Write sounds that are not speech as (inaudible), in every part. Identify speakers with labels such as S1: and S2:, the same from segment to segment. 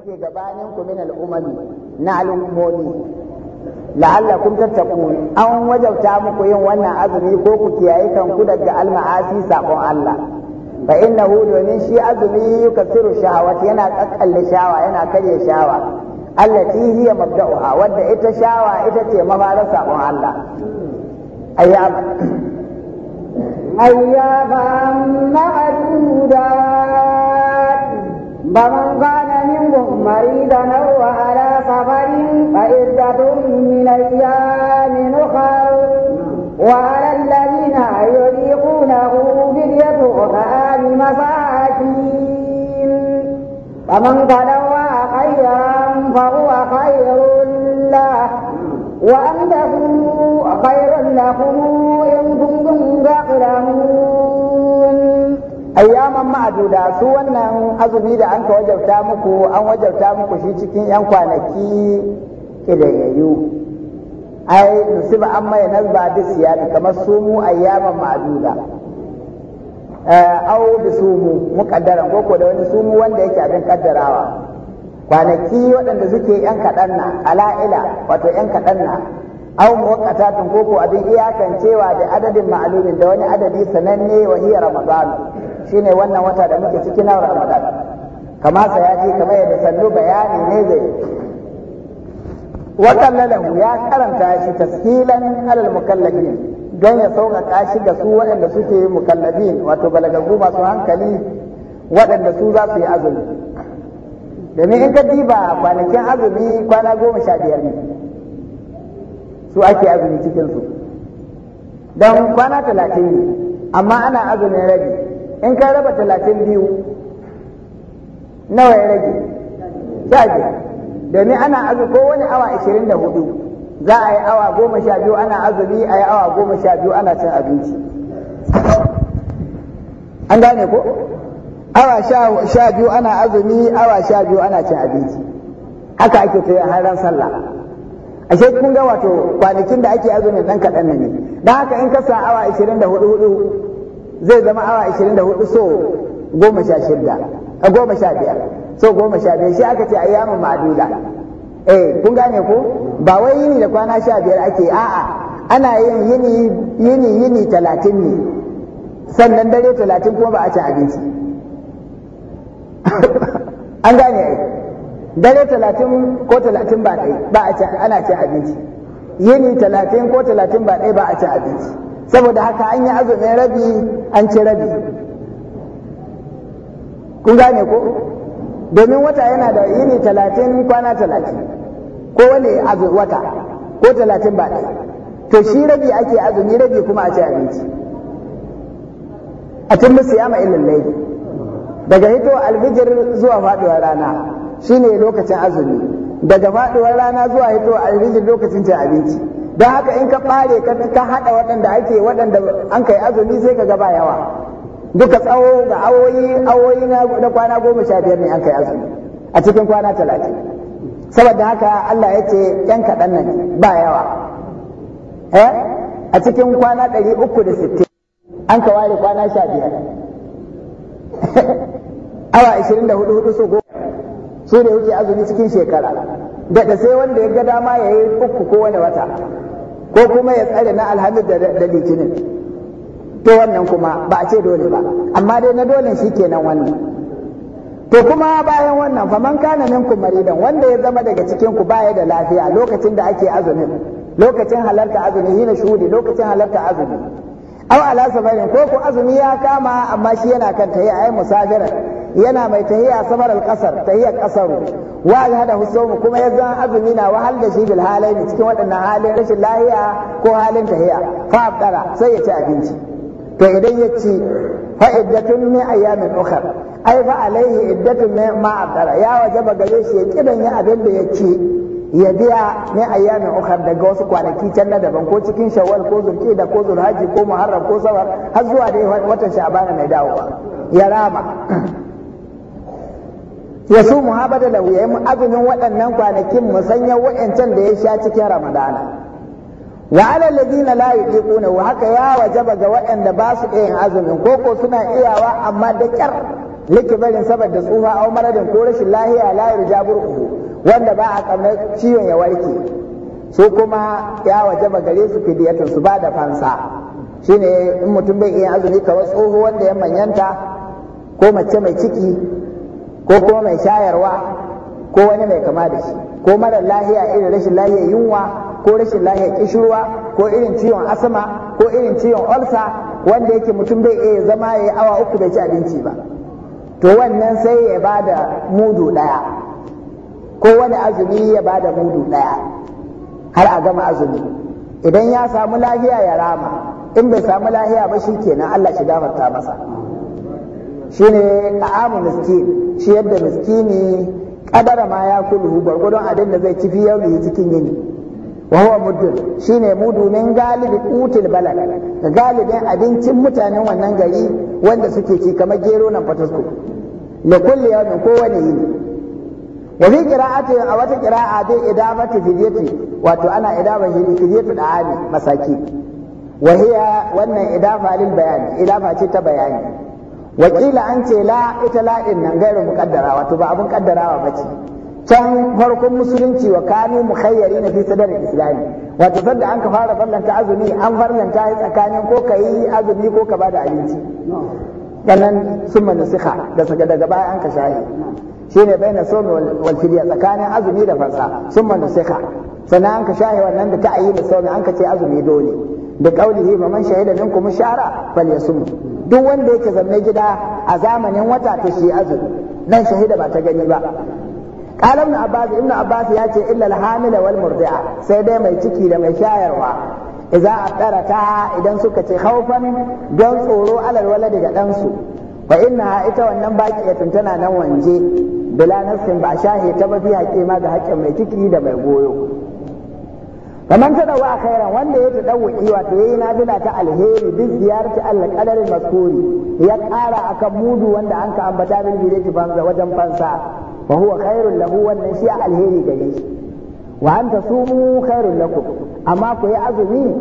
S1: suke gabanin ku min al'umami na al'ummomi kun tattaqun an wajabta muku yin wannan azumi ko ku kiyaye kanku daga al-ma'asi sabon Allah fa innahu domin shi azumi yukasiru shawa yana kakkalle shawa yana karya shawa allati hiya mabda'uha wadda ita shawa ita ce mafarar sabon Allah ayyab
S2: ayyaban ma'dudat baman مريضا أو على سفر فعدة من أيام أخر وعلى الذين يطيقونه فدية طعام مساكين فمن تلوى خيرا فهو خير له وأن تكونوا خير لكم إن كنتم تعلمون
S1: ayyaman ma'aduda su wannan azumi da an ka wajabta muku an wajabta muku shi cikin yan kwanaki kidayayu ai nusiba an mai nazba da siyami kamar sumu ayyaman ma'aduda eh, au da sumu muƙaddaran ko ko da wani sumu wanda yake abin kaddarawa kwanaki waɗanda suke yan kaɗan na ala'ila wato yan kaɗan na aw muwaqqatatun ko ko abin iyakan cewa da adadin ma'alumin da wani adadi sananne wa hiya ramadan shine wannan wata da muke cikina na Ramadan kama ji kamar yadda sallu bayani ne zai wakan lalahu ya karanta shi taskilan alal mukallafin don ya sauƙaƙa shi ga su waɗanda suke mukallafin wato balagagu masu hankali waɗanda su za su yi azumi domin in ka diba kwanakin azumi kwana goma sha biyar ne su ake azumi cikinsu don kwana talatin ne amma ana azumin rabi in ka raba talatin biyu nawa ya rage sha biyar domin ana azumi ko wani awa ashirin da hudu za a yi awa goma sha biyu ana azumi a yi awa goma sha biyu ana cin abinci an gane ko awa sha biyu ana azumi awa sha biyu ana cin abinci haka ake ta har ran sallah ashe kun ga wato kwanakin da ake azumin dan kaɗan ne don haka in ka sa awa ashirin da hudu hudu zai zama awa 24 so goma sha shida a goma sha biyar so goma sha biyar shi aka ce a yamun ma'adula eh kun gane ku? ba wai yini da kwana sha biyar ake a'a ana yin yini yini yini talatin ne sannan dare talatin kuma ba a ci abinci (laughs) an gane ai dare talatin ko talatin ba ɗai ba a ci ana ci abinci yini talatin ko talatin ba ɗai ba a ci abinci saboda haka an yi azumin rabi an ci rabi kun gane ko domin wata yana da yini talatin kwana talatin ko wane wata ko talatin ba to shi rabi ake azumi rabi kuma a ci abinci a cin musu yama illallai daga hito alfijir zuwa faɗuwar rana shine lokacin azumi daga faɗuwar rana zuwa hito alfijir lokacin cin abinci don haka in ka ɓare ka ka haɗa waɗanda ake waɗanda an kai azumi sai ka gaba yawa duka tsawo ga awoyi awoyi na kwana goma sha biyar ne an kai azumi a cikin kwana talatin saboda haka Allah ya ce yan kaɗan nan ba yawa eh a cikin kwana ɗari uku da sittin an ka ware kwana sha biyar (laughs) awa ashirin da hudu hudu su goma su ne wuce azumi cikin shekara daga sai wanda ya ga dama ya yi uku ko wani wata ko kuma ya tsare na alhamis da litinin to wannan kuma ba a ce dole ba amma dai na dole shi kenan wannan to kuma bayan wannan fa faman kana minkum maridan wanda ya zama daga cikin ku baya da lafiya lokacin da ake azumin lokacin halarta azumi yana shuhudi lokacin halarta azumi aw ala safarin ko ku azumi ya kama amma shi yana kan tayi ayi musafira yana mai tahiya samar alƙasar tahiyar ƙasaru wa hada husumu kuma ya zama azumi na wahal da shi bil ne, cikin waɗannan halin rashin lahiya ko halin tahiya fa abdara sai ya ci abinci to idan ya ci fa iddatun min ayamin ukhra ai fa alaihi iddatun min ma abdara ya wajaba gare shi ya kidan ya abin da ya ci ya biya min ayamin ukhra daga wasu kwanaki can na daban ko cikin shawwal ko zulqa'da ko zulhajji ko muharram ko safar har zuwa dai watan sha'ban mai dawowa ya rama ya su muhabada da lauyayi mu azumin waɗannan kwanakin sanya wa'ancan da ya sha cikin ramadana wa ala ladina la yuqiquna wa haka ya wajaba ga waɗanda ba su iya azumin ko ko suna iyawa amma da kyar liki barin saboda tsufa aw maradin ko rashin lahiya la yurja wanda ba a kamar ciwon ya warke su kuma ya wajaba gare su fidiyatun su ba da fansa shine in mutum bai iya azumi kamar tsoho wanda ya manyanta ko mace mai ciki ko kuma mai shayarwa ko wani mai kama da shi ko mara lahiya irin rashin lahiya yunwa ko rashin lahiya kishirwa ko irin ciwon asma ko irin ciwon olsa wanda yake mutum bai iya zama ya yi awa uku bai ci abinci ba to wannan sai ya ba da mudu ɗaya ko wani azumi ya ba da mudu ɗaya har a gama azumi idan ya samu lahiya ya rama in bai samu lahiya ba shi kenan allah shi damarta masa shine ta'amu miskin shi yadda miskini kadara ma ya kulu gwargwadon abin da zai ci fi da cikin yini wa huwa shi shine mudu min galibi util balad ga galibin abincin mutanen wannan gari wanda suke ci kamar gero nan fatasko da kulli yawmin kowane yini wa fi qira'ati a wata qira'a bi idabati fidyati wato ana idaba shi fidyatu da'ami masaki wa hiya wannan idafa lil bayani idafa ce ta bayani wakila an ce la ita la'in nan gairin muƙaddara wato ba abin ƙaddarawa ba ce can farkon musulunci wa kanu mukhayyari na fi sadar islami wato sadda an ka fara farlanta azumi an farlanta ya tsakanin ko ka yi azumi ko ka bada abinci sannan sun manasiha da saka daga baya an ka shahi shine bai na somi wal tsakanin azumi da fansa sun manasiha sannan an ka shahi wannan da ta ayi da sauni an ka ce azumi dole da kaulihi ba man shahida minkum shara falyasum duk wanda yake zanne gida a zamanin wata ta shi azumi nan shahida ba ta gani ba qala ibn abbas ibn abbas ya ce illa al-hamila wal murdi'a sai dai mai ciki da mai shayarwa idza aftarata idan suka ce khawfan don tsoro alal waladi ga dan su fa inna ita wannan baki ya tuntana nan wanje bila nasin ba shahe ta ba fi haƙe ma ga haƙin mai ciki da mai goyo faman ta dawa khairan wanda ya ta dawo iwa to yayi nafila ta alheri bi ziyarati al-qadarin maskuri ya kara akan mudu wanda an ka ambata min direti banza wajen fansa wa huwa khairul lahu wannan shi alheri gare shi wa anta sumu khairul lakum amma ku yi azumi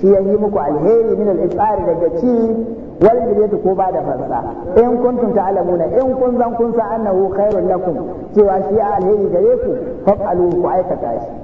S1: shi ya yi muku alheri min al-iftar daga ci wal direti ko ba da fansa in kuntum ta'lamuna in kun zan kun sa annahu khairul lakum cewa shi alheri gare ku fa'alu ku aikata shi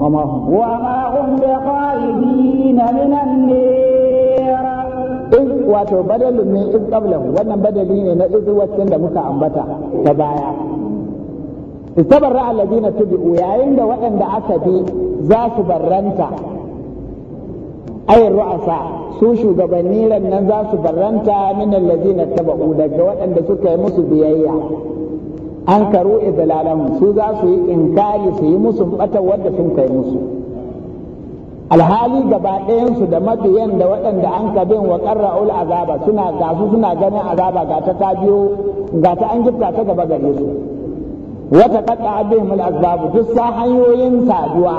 S2: وما هم وما هم بخارجين من النير
S1: إذ واتو بدل من إذ قبله وانا بدلين إذ واتن لمكا أنبتا تبايا istabarra alladina tubi'u yayin da waɗanda aka bi za su barranta ayin ru'asa su shugabanni nan za su barranta min alladina daga waɗanda suka yi musu biyayya an karo idlalan su za su yi inkari su yi musu bata wadda sun kai musu alhali gaba ɗayansu da mabiyan da waɗanda an ka bin wa qarra'ul azaba suna gasu suna ganin azaba ga ta ta biyo ga ta an gifta ta gaba gare su wata qatta bihim al duk sa hanyoyin saduwa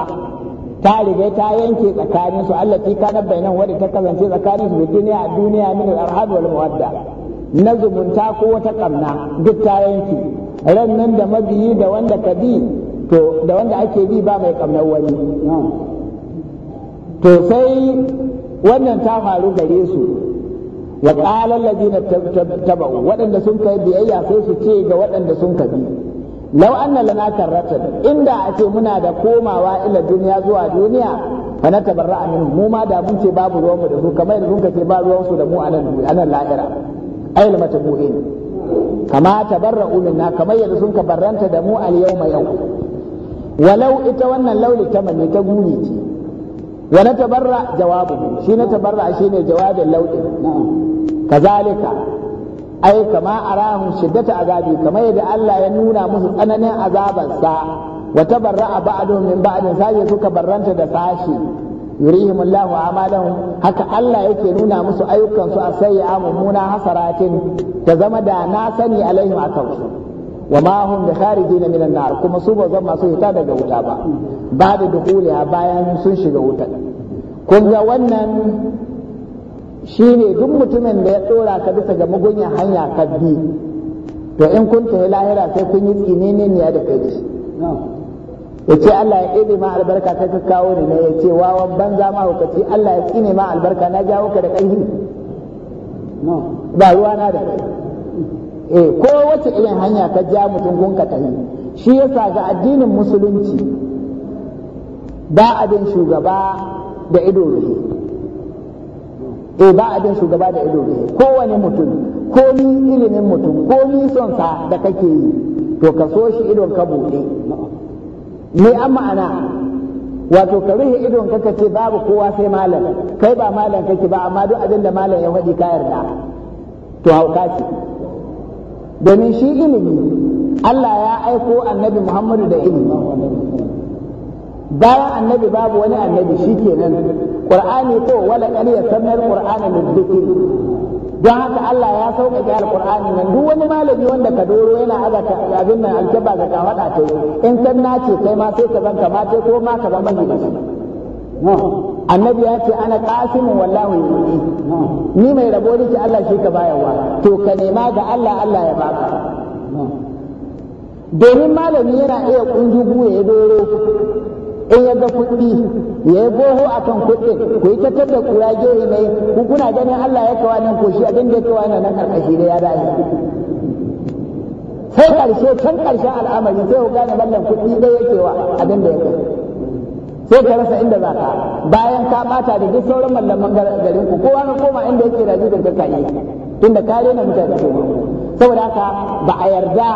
S1: ta riga ta yanke tsakanin su allati kana nan wadda ta kasance tsakanin su duniya a duniya min al-arhad wal mawadda na zumunta ko wata kamna duk ta yanke ran nan da mabiyi da wanda ka bi to da wanda ake bi ba mai kamar wani to sai wannan ta faru gare su wa qala alladhina taba waɗanda sun kai biyayya sai su ce ga waɗanda sun ka bi law anna lana karratan inda a ce muna da komawa ila duniya zuwa duniya fa na tabarra minhum mu ma da mun ce babu ruwan da su kamar yadda sun ka ce ba ruwan da mu a nan lahira ayyul ne. kama tabarra minna kamar yadda sun kabarranta da mu al yawma yau walau ita wannan lauli ta manne ta guri ce wa na tabarra jawabu shi na tabarra ne jawabin lauli kazalika ai kama arahum shiddata azabi kamar yadda Allah ya nuna musu tsananin azabansa wa a ba'dhum min ba'din sai suka barranta da sashi yurihim Allah amalahum haka Allah yake nuna musu ayyukan su asayya mummuna hasaratin ta zama da na sani alaihim akan su wa ma hum bi kharijin minan nar kuma su ba zama su fita daga wuta ba ba da a bayan sun shiga wuta kun ga wannan shine duk mutumin da ya dora ka bisa ga mugunyar hanya kabbi to in kun tafi lahira sai kun yi tsinene ne da kai shi ya ce Allah ya ɗebe ma albarka kai ka kawo ni ne ya ce wawan banza ma hukaci Allah ya tsine ma albarka na jawo ka da ƙarfi ba ruwa na da eh ko wace irin hanya ka ja mutum gunka ta yi shi yasa ga addinin musulunci ba abin shugaba da ido rufe eh ba abin shugaba da ido rufe kowane mutum ko ni ilimin mutum ko ni son sa da kake yi to ka so shi idon ka buɗe me an ma'ana wato ka rufe idon ka ce babu kowa sai malam kai ba malam kake ba amma duk abin da malam ya faɗi ka yarda to hauka ce domin shi ilimi Allah ya aiko annabi Muhammadu da ilimi bayan annabi babu wani annabi shi kenan qur'ani ko wala ya yasamma Qur'ani da don haka Allah ya sauƙaƙe alƙur'ani nan duk wani malami wanda ka doro yana aga abin nan alkaba ga ka wada ta in san na ce kai ma sai ka zan ka mace ko ma ka zama ne annabi ya ce ana qasim wallahu yuti ni mai rabo ce Allah shi ka bayarwa to ka nema ga Allah Allah ya baka domin malami yana iya kunjugu buye doro in ya ga kuɗi ya yi boho a kan kuɗin ku yi tattar da ƙura gehe mai ku kuna ganin Allah ya kawo nan ko shi abin da ya kawo nan karkashi da ya dace sai karshe can karshen al'amari sai ku gane wannan kuɗi dai yake wa abin da ya kai sai ka rasa inda za ka bayan ka ɓata da duk sauran mallaman garin ku kowa na koma inda yake razi da kakaye tunda ka rena mutane saboda haka ba a yarda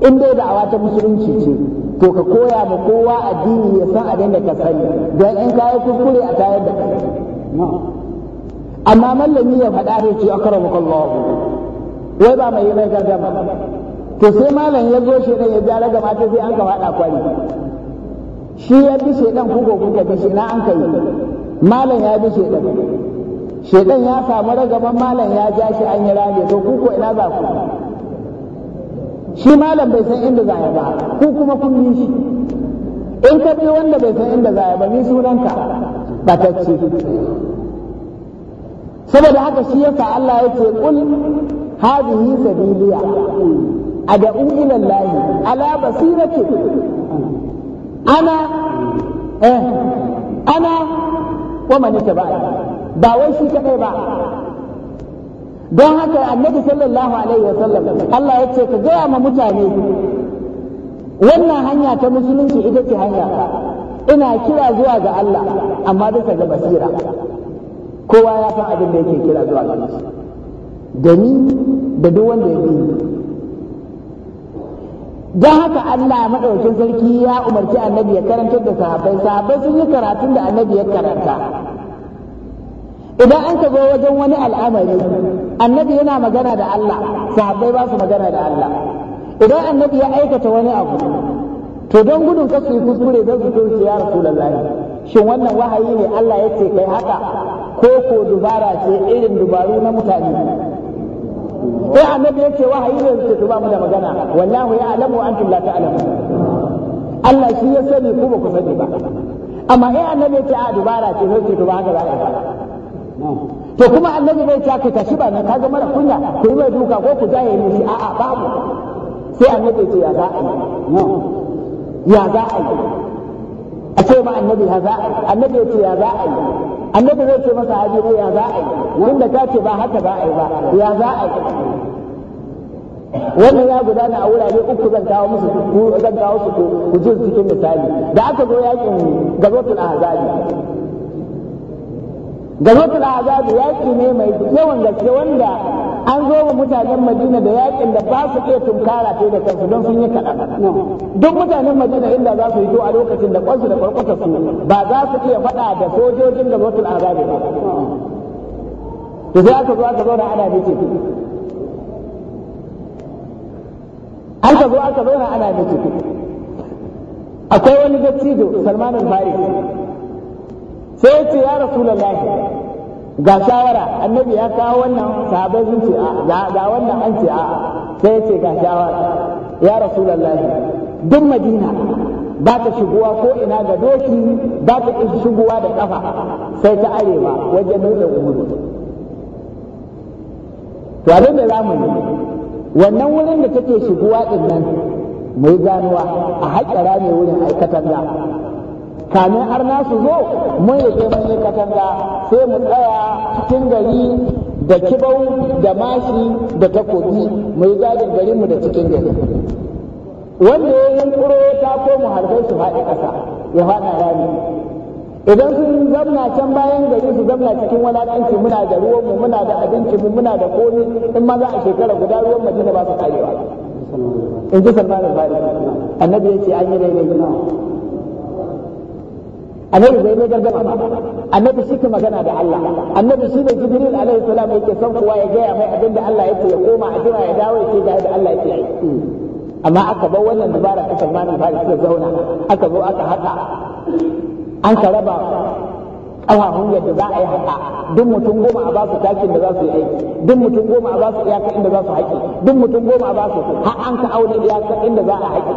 S1: in dai da'awa ta musulunci ce to ka koya ma kowa addini ya san abin da ka sani don in kayi kuskure a tayar da kai amma mallami ya faɗa sai ce akramakallah wai ba mai yi mai ba. to sai malam ya zo shi ne ya ja daga mata sai an ka faɗa kwari shi ya bi shedan kuka kuka bi shi na an kai malam ya bi shedan shedan ya samu ragaban malam ya ja shi an yi rage to kuko ina za ku shi malam bai san inda za ba ko kuma kun yi shi in ka bi wanda bai san inda za ba ni sunanka batacce saboda haka shi yasa Allah ya ce kul hadhihi sabiliya ad'u ila Allah ala basirati ana eh ana wa man ba wai shi kadai ba don haka annabi sallallahu alaihi wa sallam, Allah ya ce ka gaya ma mutane wannan hanya ta musulunci ita ce hanya ina kira zuwa ga Allah amma duka ga basira kowa ya san abin da yake kira zuwa ga gani da ni da duk wanda ya bi don haka Allah maɗaukin sarki ya umarci annabi ya karantar da sahabbai sahabbai sun yi karatun da annabi ya karanta idan an ka zo wajen wani al'amari annabi yana magana da Allah sahabbai ba su magana da Allah idan annabi ya aikata wani abu to don gudun kasu yi kuskure don su kirce ya rasulullahi shin wannan wahayi ne Allah ya ce kai haka ko ko dubara ce irin dubaru na mutane sai annabi ya ce wahayi ne su ba mu da magana wallahu ya alamu antum la ta'lamu Allah shi ya sani ku ba ku sani ba amma sai annabi ya ce a dubara ce sai ce to ba haka za a yi
S3: to
S1: kuma annabi bai ta ka tashi ba ka kaga mara kunya ku yi mai duka ko ku jaye a a'a babu sai annabi ce ya za a yi ya za a yi a ce ma annabi ya za a yi annabi ce ya za a yi annabi zai ce masa ne eh, ya za a yi da ta ce ba haka ba a yi ba ya za a yi wannan ya gudana a wurare uku zan kawo musu zan kawo su ku ji cikin misali da aka zo yakin gazotul ahzabi gazatul azabi yaki ne mai yawan gaske wanda an zo wa mutanen madina da yakin da ba su iya tunkara ta da kansu don sun yi kaɗan duk mutanen madina inda za su hito a lokacin da kwansu da kwarkwata su ba za su iya faɗa da sojojin gazatul azabi ba to sai aka zo aka zo na ana miki aka zo aka zo ana miki akwai wani dattijo salman al-farisi sai ce ya lallahi ga shawara annabi ya kawo wannan sahabai sun ce ga wannan an ce a sai ce ga shawara ya lallahi duk madina ba ta shigowa ko ina ga doki ba ta shigowa da kafa sai ta arewa wajen nuna umuru to abin da za mu yi wannan wurin da take shigowa din nan mai a haƙƙara ne wurin aikatar da kamin har nasu zo mun yi mun katanga sai mu tsaya cikin gari da kibau da mashi da takobi mu yi gadin mu da cikin gari wanda ya yankuro ta ko mu harbe su faɗi ƙasa ya faɗa rami idan sun zamna can bayan gari su zamna cikin wulaƙanci muna da mu muna da abinci abincinmu muna da komi in ma za a shekara guda ruwan madina ba su karewa in ji salmanin bari annabi ya an yi daidai annabi bai mai gargama ba annabi shi ke magana da Allah annabi shi ne jibril alaihi salam yake son kuwa ya gaya mai abin da Allah yake ya koma a jira ya dawo ya ce ga da Allah yake amma aka bar wannan dabara ta Salman farisi ya zauna aka zo aka haka an ka raba ƙafafun yadda za a yi haka duk mutum goma a basu takin da za su yi aiki duk mutum goma a basu iyaka inda za su haƙi duk mutum goma a basu har an ka auna iyaka inda za a haƙi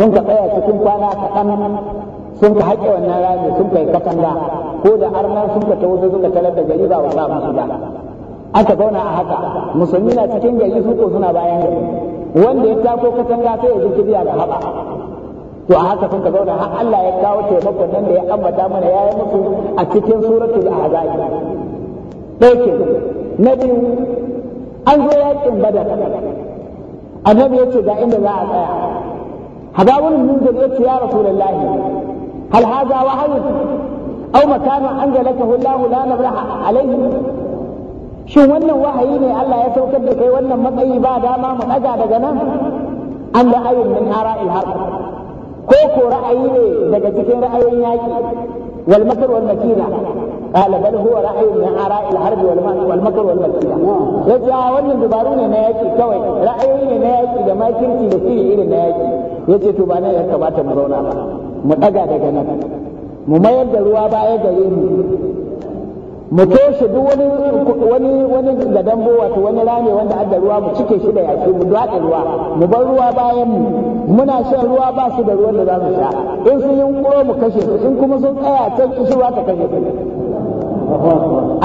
S1: sun ka tsaya cikin kwana kaɗan sun ka haƙe wannan rami sun kai katanga ko da arna sun ka tawo sun ka talar da gari ba wa ba musu ba aka zauna a haka musulmi na cikin gari su ko suna bayan gari wanda ya tako katanga sai ya zuki biya ga haɓa to a haka sun ka zauna har Allah ya kawo taimakon nan da ya ambata mana ya yi musu a cikin suratul ahzab ɗauke na biyu an zo yakin badar annabi ya ce ga inda za a tsaya hadawul munzir ya ce ya rasulullahi هل هذا وهي أو مكان أنزلته الله لا نبرح عليه shin wannan wahayi ne Allah ya saukar da kai wannan matsayi ba dama mu ɗaga daga nan an da ayin min ara'il harb ko ko ra'ayi ne daga cikin ra'ayin yaki wal makr wal makina huwa ra'ayin min ara'il harb wal makr wal makr wal makina a wannan dubaru ne na kawai ra'ayoyi ne na yaki da makirci da sirri irin na yaki yace to ba ne ya kamata mu zauna ba mu ɗaga daga nan mu mayar da ruwa baya gare mu mu toshe duk wani wani wani gadan bowa wato wani rane wanda adda ruwa mu cike shi da yaki mu daɗe ruwa mu bar ruwa bayan mu muna shan ruwa ba su da ruwan da za mu sha in sun yunkuro mu kashe su in kuma sun tsaya can kishirwa ta kashe su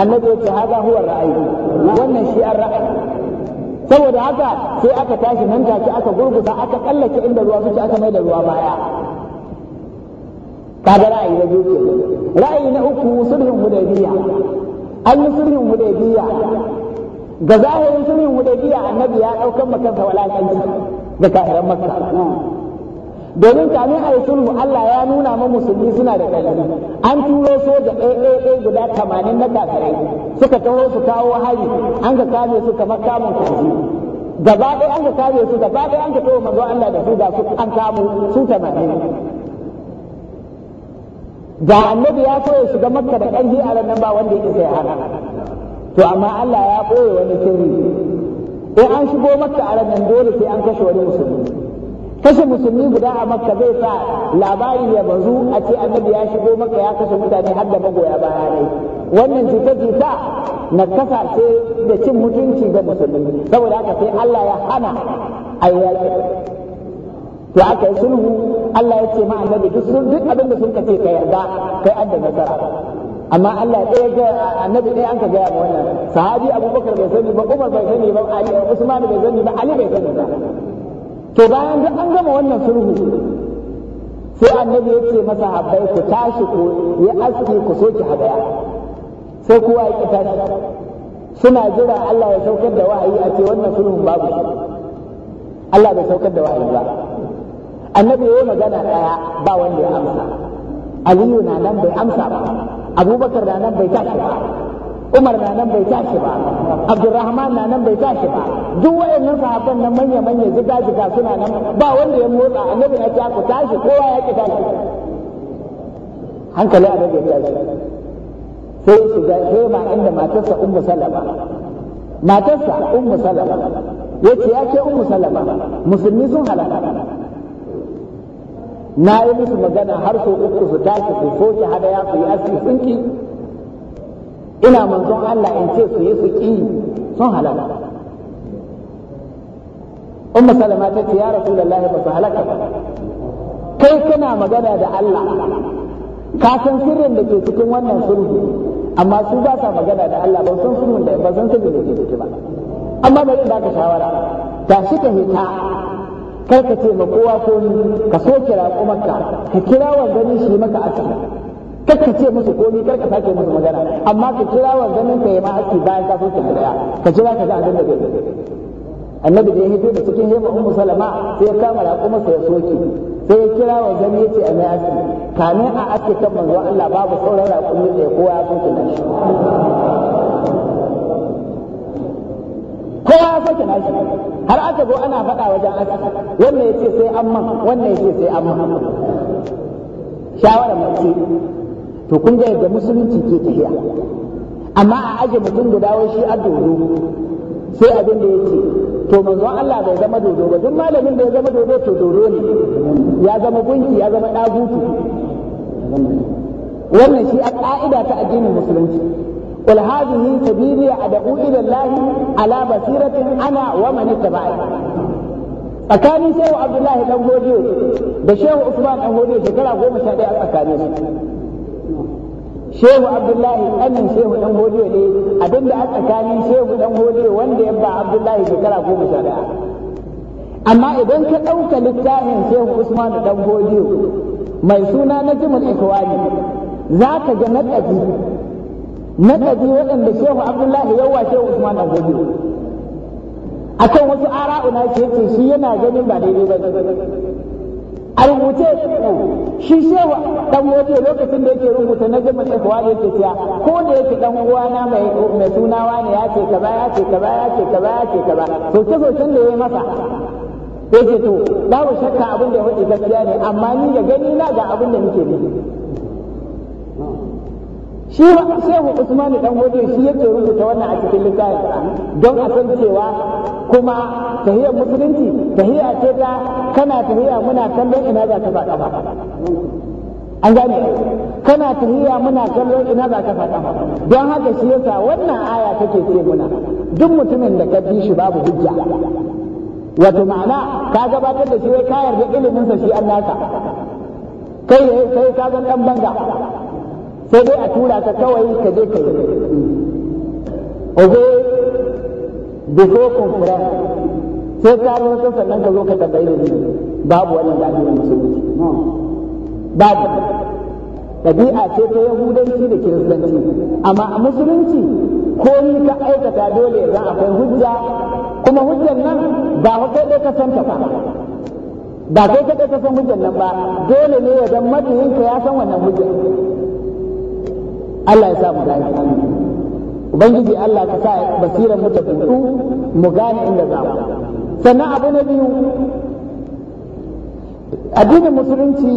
S1: annabi ya ce haza huwa ra'ayi wannan shi an ra'ayi saboda haka sai aka tashi nan take aka gurguza aka tsallake inda ruwa suke aka mai da ruwa baya kaga ra'ayi na biyu ra'ayi na uku sulhun hudaybiya an yi sulhun hudaybiya ga zahirin sulhun hudaybiya annabi ya daukan makansa walakanci ga kafiran makka domin kamin a yi sulhu Allah ya nuna ma musulmi suna da ƙarfi an turo soja ɗaya guda tamanin na kafirai suka taho su kawo hari an ga kame su kamar kamun kaji gaba ɗaya an ga kame su gaba ɗaya an ga taho manzo Allah da su ga su an kamu su 80 da annabi ya so ya shiga makka da ƙarfi a ranar nan ba wanda yake sai hana to amma Allah ya boye wani sirri in an shigo makka a ranar nan dole sai an kashe wani musulmi kashe musulmi guda a makka zai sa labari ya bazu a ce annabi ya shigo makka ya kashe mutane har da magoya baya ne wannan jita-jita na kasa ce da cin mutunci ga musulmi saboda haka sai Allah ya hana a to aka yi sulhu Allah ya ce ma annabi duk sun duk abin da sun ce ka yarda kai adda nasara amma Allah ɗaya ga annabi ɗaya an ka gaya ma wannan sahabi Abubakar bai sani ba Umar bai sani ba Ali Usman bai sani ba Ali bai sani ba to bayan duk an gama wannan sulhu sai annabi ya ce masa habbai ku tashi ku ya aski ku soki hadaya sai kowa ya tashi suna jira Allah ya saukar da wahayi a ce wannan sulhun babu Allah bai saukar da wahayi ba annabi yayi magana daya ba wanda ya amsa aliyu na nan bai amsa ba abubakar na nan bai tashi ba umar na nan bai tashi ba abdurrahman na nan bai tashi ba duk wayannan sahabban nan manya manya jiga jiga suna nan ba wanda ya motsa annabi na ta ku tashi kowa ya ki tashi hankali annabi ya tashi sai su ga sai ba inda matarsa ummu salama matarsa ummu salama yace ya ce ummu salama musulmi sun halaka na yi musu magana har sau uku su tashi su soke hadaya su yi aski sun ki ina manzon Allah in ce su yi su ki sun halala umma salama ta ce ya rasulullahi ba su halaka ba kai kana magana da Allah ka san sirrin da ke cikin wannan sulhu amma su ba sa magana da Allah ba san sulhun da ba san sirrin da ke ciki ba amma bari ba ka shawara tashi ka hita Kar ka ce ma kowa ko ni ka soke maka ka kira wanganin shi maka aski kar ka ce musu ni kar ka sake musu magana amma ka kira wanganin ka yi ma aski bayan ka ki daya ka jira ka ga abin da zai annabi da ya hito da cikin hema ummu salama sai ya kama raƙumarsa ya soke sai ya kira wa gani ya ce a mai aski kamin a aske kan manzo Allah babu sauran raƙumin da kowa ya soke nan ko ya soke nashi har aka zo ana faɗa wajen aka wannan ya ce sai amma wannan ya ce sai amma shawara mace to kun ga yadda musulunci ke tafiya amma a aje mutum guda wai shi a dodo sai abin da yake to manzo Allah bai zama dodo ba duk malamin da ya zama dodo to dodo ne ya zama gunki ya zama dagutu wannan shi a ka'ida ta addinin musulunci قل هذه سبيلي أدعو إلى الله على بصيرة أنا ومن اتبعني tsakanin shehu abdullahi dan godiyo da shehu usman dan godiyo shekara goma sha ɗaya a tsakanin su shehu abdullahi ɗanin shehu dan godiyo ne abinda a tsakanin shehu dan godiyo wanda ya ba abdullahi shekara goma sha ɗaya amma idan ka ɗauka littafin shehu usman dan godiyo mai suna na ikwani za ka ga na na ɗabi waɗanda shehu abdullahi yawa shehu usman a gobe akan wasu ara'una shi ce shi yana ganin ba daidai ba a rubuce shi shehu dan waje lokacin da yake rubuta na jama tsakuwa da yake cewa ko da yake dan uwana mai mai suna wani ya ce kaza ya ce kaza ya ce kaza ya ce kaza to ce da yayi masa yake to babu shakka abin da ya wuce gaskiya ne amma ni da gani na ga abin da nake ne shi shehu usmanu dan waje shi yake rubuta wannan a cikin littafin don a san cewa kuma tahiyar musulunci tahiya ce ta kana tahiya muna kallon ina za ka faɗa ba an gane kana tahiya muna kallon ina za ka faɗa ba don haka shi yasa wannan aya take ce muna duk mutumin da ka bi shi babu hujja wato ma'ana ka gabatar da shi wai ka yarda ilimin sa shi an nasa kai kai ka zan dan banga sai dai a tura ka kawai ka je ka yi obey biko conference sai ka zo sannan ka zo ka tambayi da babu wannan da ake wani babu ɗabi'a ce ta yahudanci da kiristanci amma a musulunci ko ni ka aikata dole za zan akwai hujja kuma hujjar nan ba kai dai ka santa ba ba kai kaɗai ka san hujjar nan ba dole ne ya zan matsayinka ya san wannan hujjar Allah ya sa mu gane ubangiji Allah ka sa basiran mu ta tudu mu gane inda za mu sannan abu na biyu addinin musulunci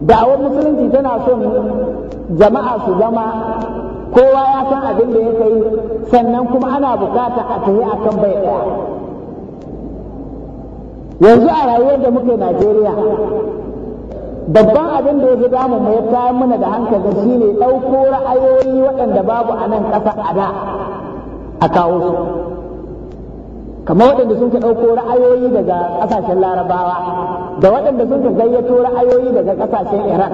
S1: da'awar musulunci tana son jama'a su zama kowa ya san abin da ya kai sannan kuma ana bukata a tafi akan bai daya yanzu a rayuwar da muke Najeriya babban abin da ya fi damu mu ya mana da hankali shine ɗauko ra'ayoyi waɗanda babu a nan ƙasa a da a kawo su kamar waɗanda sun ka ɗauko ra'ayoyi daga ƙasashen larabawa da waɗanda sun ka gayyato ra'ayoyi daga ƙasashen iran,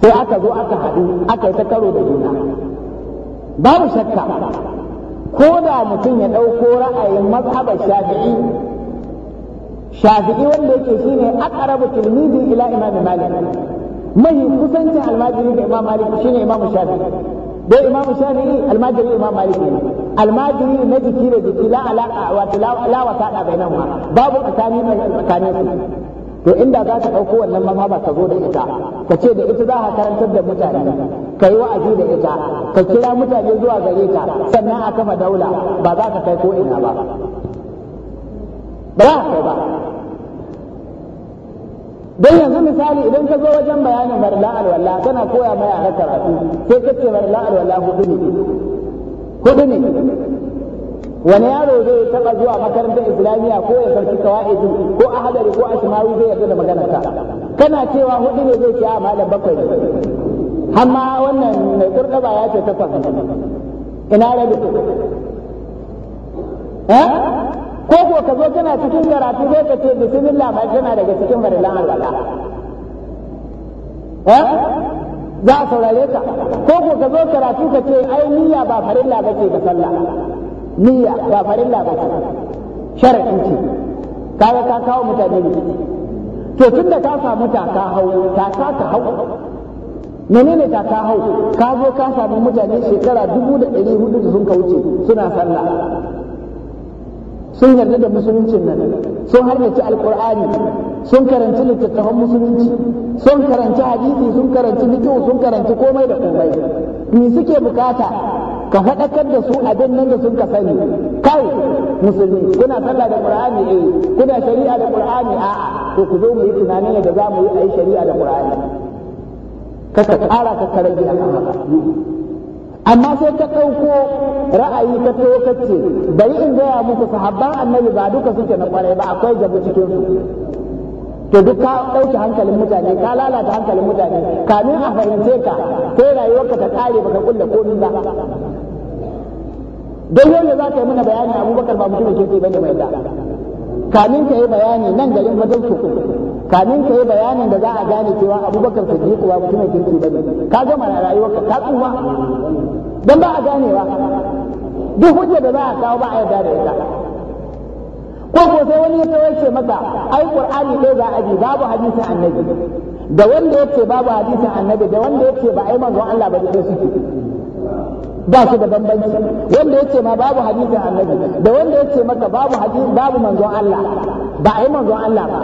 S1: sai aka zo aka haɗu aka yi ta karo da juna babu shakka ko da mutum ya ɗauko ra'ayin mazhabar shafi'i shafi'i wanda yake shi shine aqrabu tilmidi ila imam malik mai kusancin almajiri da imam malik shine imam shafi'i dai imam shafi'i almajiri imam malik ne almajiri na jiki da jiki la alaqa wa la wa ta da bainahuma babu tsakani tsakanin su to inda za ka ɗauko wannan mazhaba ka zo da ita ka ce da ita za ka karantar da mutane ka yi wa'azi da ita ka kira mutane zuwa gare ta sannan a kafa daula ba za ka kai ko ina ba ba ba don yanzu misali idan ka zo wajen bayanin marla alwala kana koya mai a karatu sai ka ce alwala hudu ne hudu ne wani yaro zai taba zuwa makarantar islamiyya ko ya sarki kawai ko ahadari ko ashmawi zai yarda da maganar ka kana cewa hudu ne zai ce a ah, malam bakwai ne amma wannan mai ba ya ce takwas ina rabi eh? ko ko ka zo kana cikin karatu sai ka ce bismillah ba tana daga cikin farilan alwala ha za a saurare ka ko ko ka zo karatu ka ce ai niyya ba farilla bace da sallah niyya ba farilla bace shar'in ce kaga ka kawo mutane ne to tunda ka samu ta ka hau ta ka ka hau menene ta ka hau ka zo ka samu mutane shekara dubu da ɗari hudu da sun ka wuce suna sallah sun yarda da musuluncin nan sun harkaci alkur'ani sun karanci littattafan musulunci sun karanci hadisi sun karanci fiqh sun karanci komai da komai ni suke bukata ka faɗakar da su abin nan da sun ka sani kai musulmi kuna sallah da qur'ani eh kuna shari'a da qur'ani a'a to ku zo mu yi tunanin da za mu yi shari'a da qur'ani kaka ƙara ka karanta amma sai ka ɗauko ra'ayi ka to kace bari in gaya muku sahabban annabi ba duka suke na kwarai ba akwai gabu cikin su
S2: to duk ka ɗauki
S1: hankalin mutane ka lalata hankalin mutane kamin a fahimce ka sai ka ta kare baka kulle komai ba don yau za ka yi mana bayani abubakar ba mutumin ba bane mai da kamin ka yi bayani nan garin majalsu kamin ka yi bayanin da za a gane cewa abubakar siddiq ba mutumin kirki bane ka gama rayuwarka ka tsuwa don ba a ganewa duk hujja da za a kawo ba a yarda da ita ko ko sai wani ya tawaye ce maka ai qur'ani dai za a bi babu hadisin annabi da wanda yake babu hadisin annabi da wanda yake ba ai manzon Allah ba da suke ba su da bambanci wanda ya ce ma babu hadisin annabi da wanda ya ce maka babu hadisi babu manzon Allah ba a yi manzon Allah ba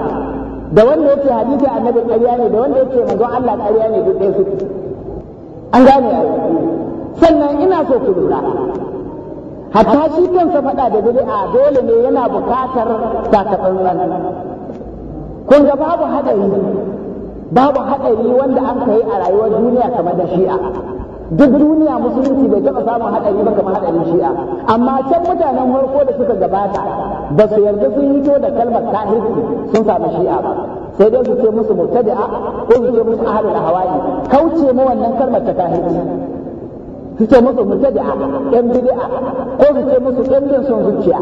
S1: da wanda ya ce hadisin annabi ƙarya ne da wanda ya ce manzon Allah ƙarya ne duk ɗaya su an gane sannan ina so ku lura hatta shi kansa faɗa da a dole ne yana buƙatar ran. kun ga babu haɗari babu haɗari wanda an kai a rayuwar duniya kamar da shi'a duk duniya musulunci bai taɓa samun haɗari ba kamar haɗarin shi'a amma can mutanen farko da suka gabata ba su yarda sun hito da kalmar kafirci sun samu shi'a ba sai dai su ce musu mubtadi'a ko su ce musu ahlul hawa'i kauce mu wannan kalmar ta kafirci su ce musu mubtadi'a yan bid'a ko su ce musu yan bin son zuciya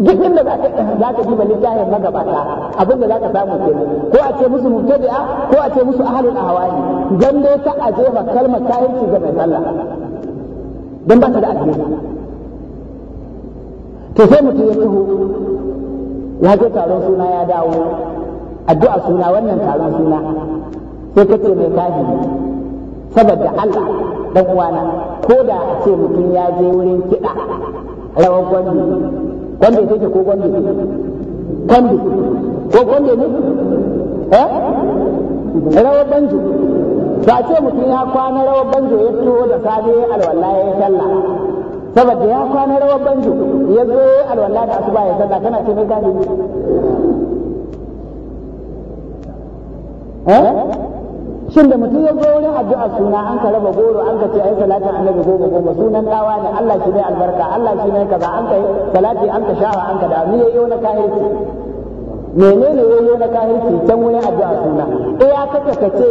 S1: duk inda za ka za ka duba littafin magabata abin da za ka samu ke ko a ce musu mubtadi'a ko a ce musu ahlul ahwali dan dai ta a jefa kalmar kafirci ga mai sallah dan ba ta da addini to sai mutum ya tuhu ya je taron suna ya dawo addu'a suna wannan taron suna sai kace mai kafiri saboda Allah dan uwana ko da a ce mutum ya je wurin kiɗa rawar gwamnati gwanda kake ko gwanda kandi ko gwanda ne eh rawar banjo ba ce mutum ya kwana rawar banjo ya fito da safe alwala ya yi sallah saboda ya kwana rawar banjo ya zo alwala da asuba ya sallah kana ce mai gadi eh shin da mutum ya zo wurin addu'a suna an ka raba goro an ka ce ai salatin annabi goma goma sunan dawa ne Allah shi ne albarka Allah shi ne kaza an ka salati an ka shawa an ka da mu yayyo na kahirci menene yayyo na kahirci can wurin addu'a suna eh ya kaka ka ce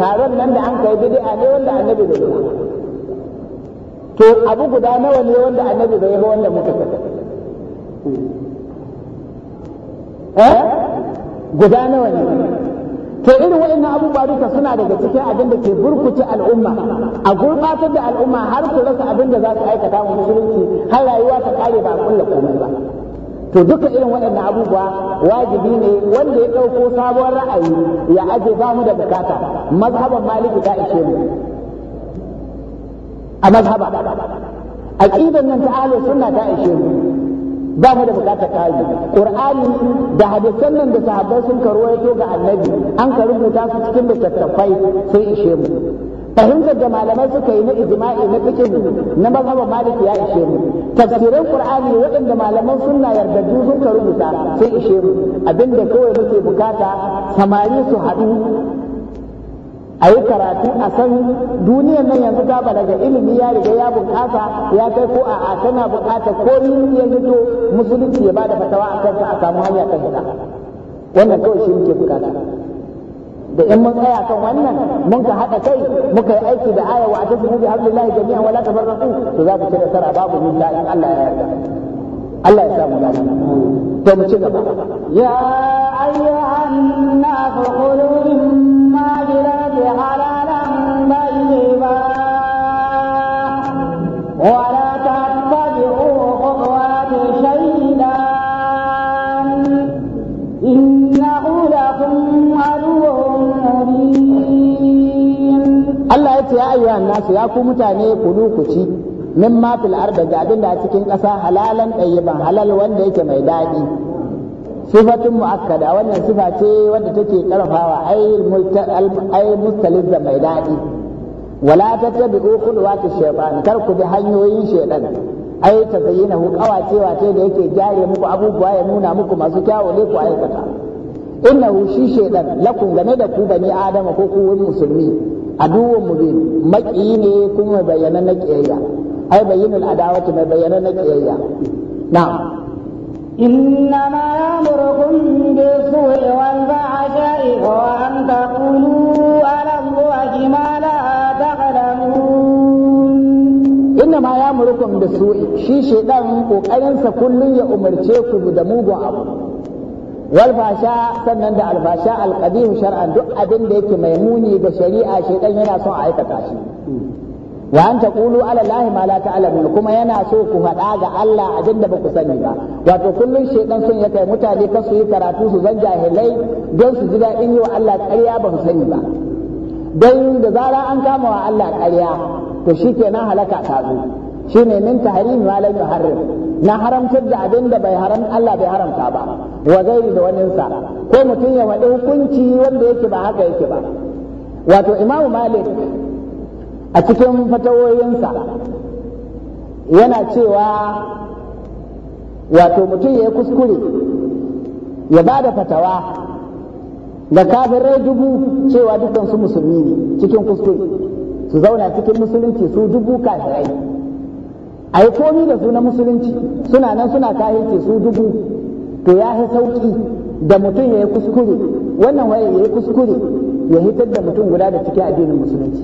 S1: taron nan da an kai bid'a ne wanda annabi bai yi to abu guda nawa ne wanda annabi bai yi wanda muka kaka eh guda nawa ne to irin waɗannan abubuwa duka suna daga cikin abin da ke burkuce al'umma a gurbatar da al'umma har su rasa abin da za su aikata mu musulunci har rayuwa ta kare ba a kulla komai ba to duka irin waɗannan abubuwa wajibi ne wanda ya ɗauko sabuwar ra'ayi ya aje ba mu da bukata mazhaban maliki ta ishe mu a mazhaba aqidan nan ta ahlus sunna ta ishe mu ba mu da bukatar kari qur'ani da hadisan nan da sahabbai sun karwayo ga annabi an ka rubuta su cikin littattafai sai ishe mu fahimtar da malamai suka yi na ijma'i na cikin na mazhaban maliki ya ishe mu tafsirin qur'ani waɗanda malaman sunna yardaddu sun ka rubuta sai ishe mu abinda kawai muke bukata samari su haɗu a yi karatu a san duniyar nan yanzu ta daga ilimi ya riga ya bukata ya kai ko a'a tana bukata ko ya fito musulunci ya bada fatawa a kansa a samu hanya ta gida wannan kawai shi muke bukata da in mun tsaya kan wannan mun ka haɗa kai muka yi aiki da aya wa atasu bi hablillahi jami'an wala tafarraqu to za ka ci nasara babu billahi in Allah ya yarda Allah ya samu lafiya to mu ci gaba ya ayyuhan nasu
S2: ولا تتبعوا خطوات الشيطان إنه لكم عدو مبين
S1: الله يا أيها الناس يا كم تاني قلوكتي mimma fil arda ga abin da a cikin ƙasa halalan ɗayyiban halal wanda yake mai daɗi sifatun mu'akkada wannan sifa ce wadda take karfawa ai mustalizza mai daɗi wala tattabi'u ta shaytan kar ku bi hanyoyin shaytan ai ta zayyana hu kawacewa ce da yake jare muku abubuwa ya nuna muku masu kyawu ne ku aikata hu shi shaytan lakum game da ku bani adama ko ku wani musulmi mu mubin maki ne kuma bayyana na kiyayya ai bayyana adawati mai bayyana na kiyayya na'am
S2: إنما يأمركم بالسوء والفحشاء wa an taqulu alam
S1: inna ma ya murkum da su'i shi shaidan kokarinsa kullun ya umarce ku da mugun abu wal fasha sannan da al fasha al shar'an duk abin da yake mai muni ga shari'a shaidan yana son a aikata shi wa an taqulu ala allahi ma la kuma yana so ku haɗa ga Allah abin da baku sani ba wato kullun shaidan sun ya kai mutane kasu yi karatu su zan jahilai don su ji daɗin yi wa Allah ƙarya ban sani ba don da zara an kama wa Allah ƙarya to shi na halaka ta zo shi ne min tahrim ma lam yuharrim na haramtar da abin da bai haram Allah bai haramta ba wa gairi da sa ko mutum ya wadi hukunci wanda yake ba haka yake ba wato Imam Malik a cikin fatawoyinsa yana cewa wato mutum ya yi kuskure ya ba da fatawa da kafirai dubu cewa dukansu musulmi ne cikin kuskure su zauna cikin musulunci su dubu kafirai a yi komi da su na musulunci suna nan suna kahince su dubu to ya yi sauki da mutum ya yi kuskure wannan waye ya yi kuskure ya hitar da mutum guda da cikin addinin musulunci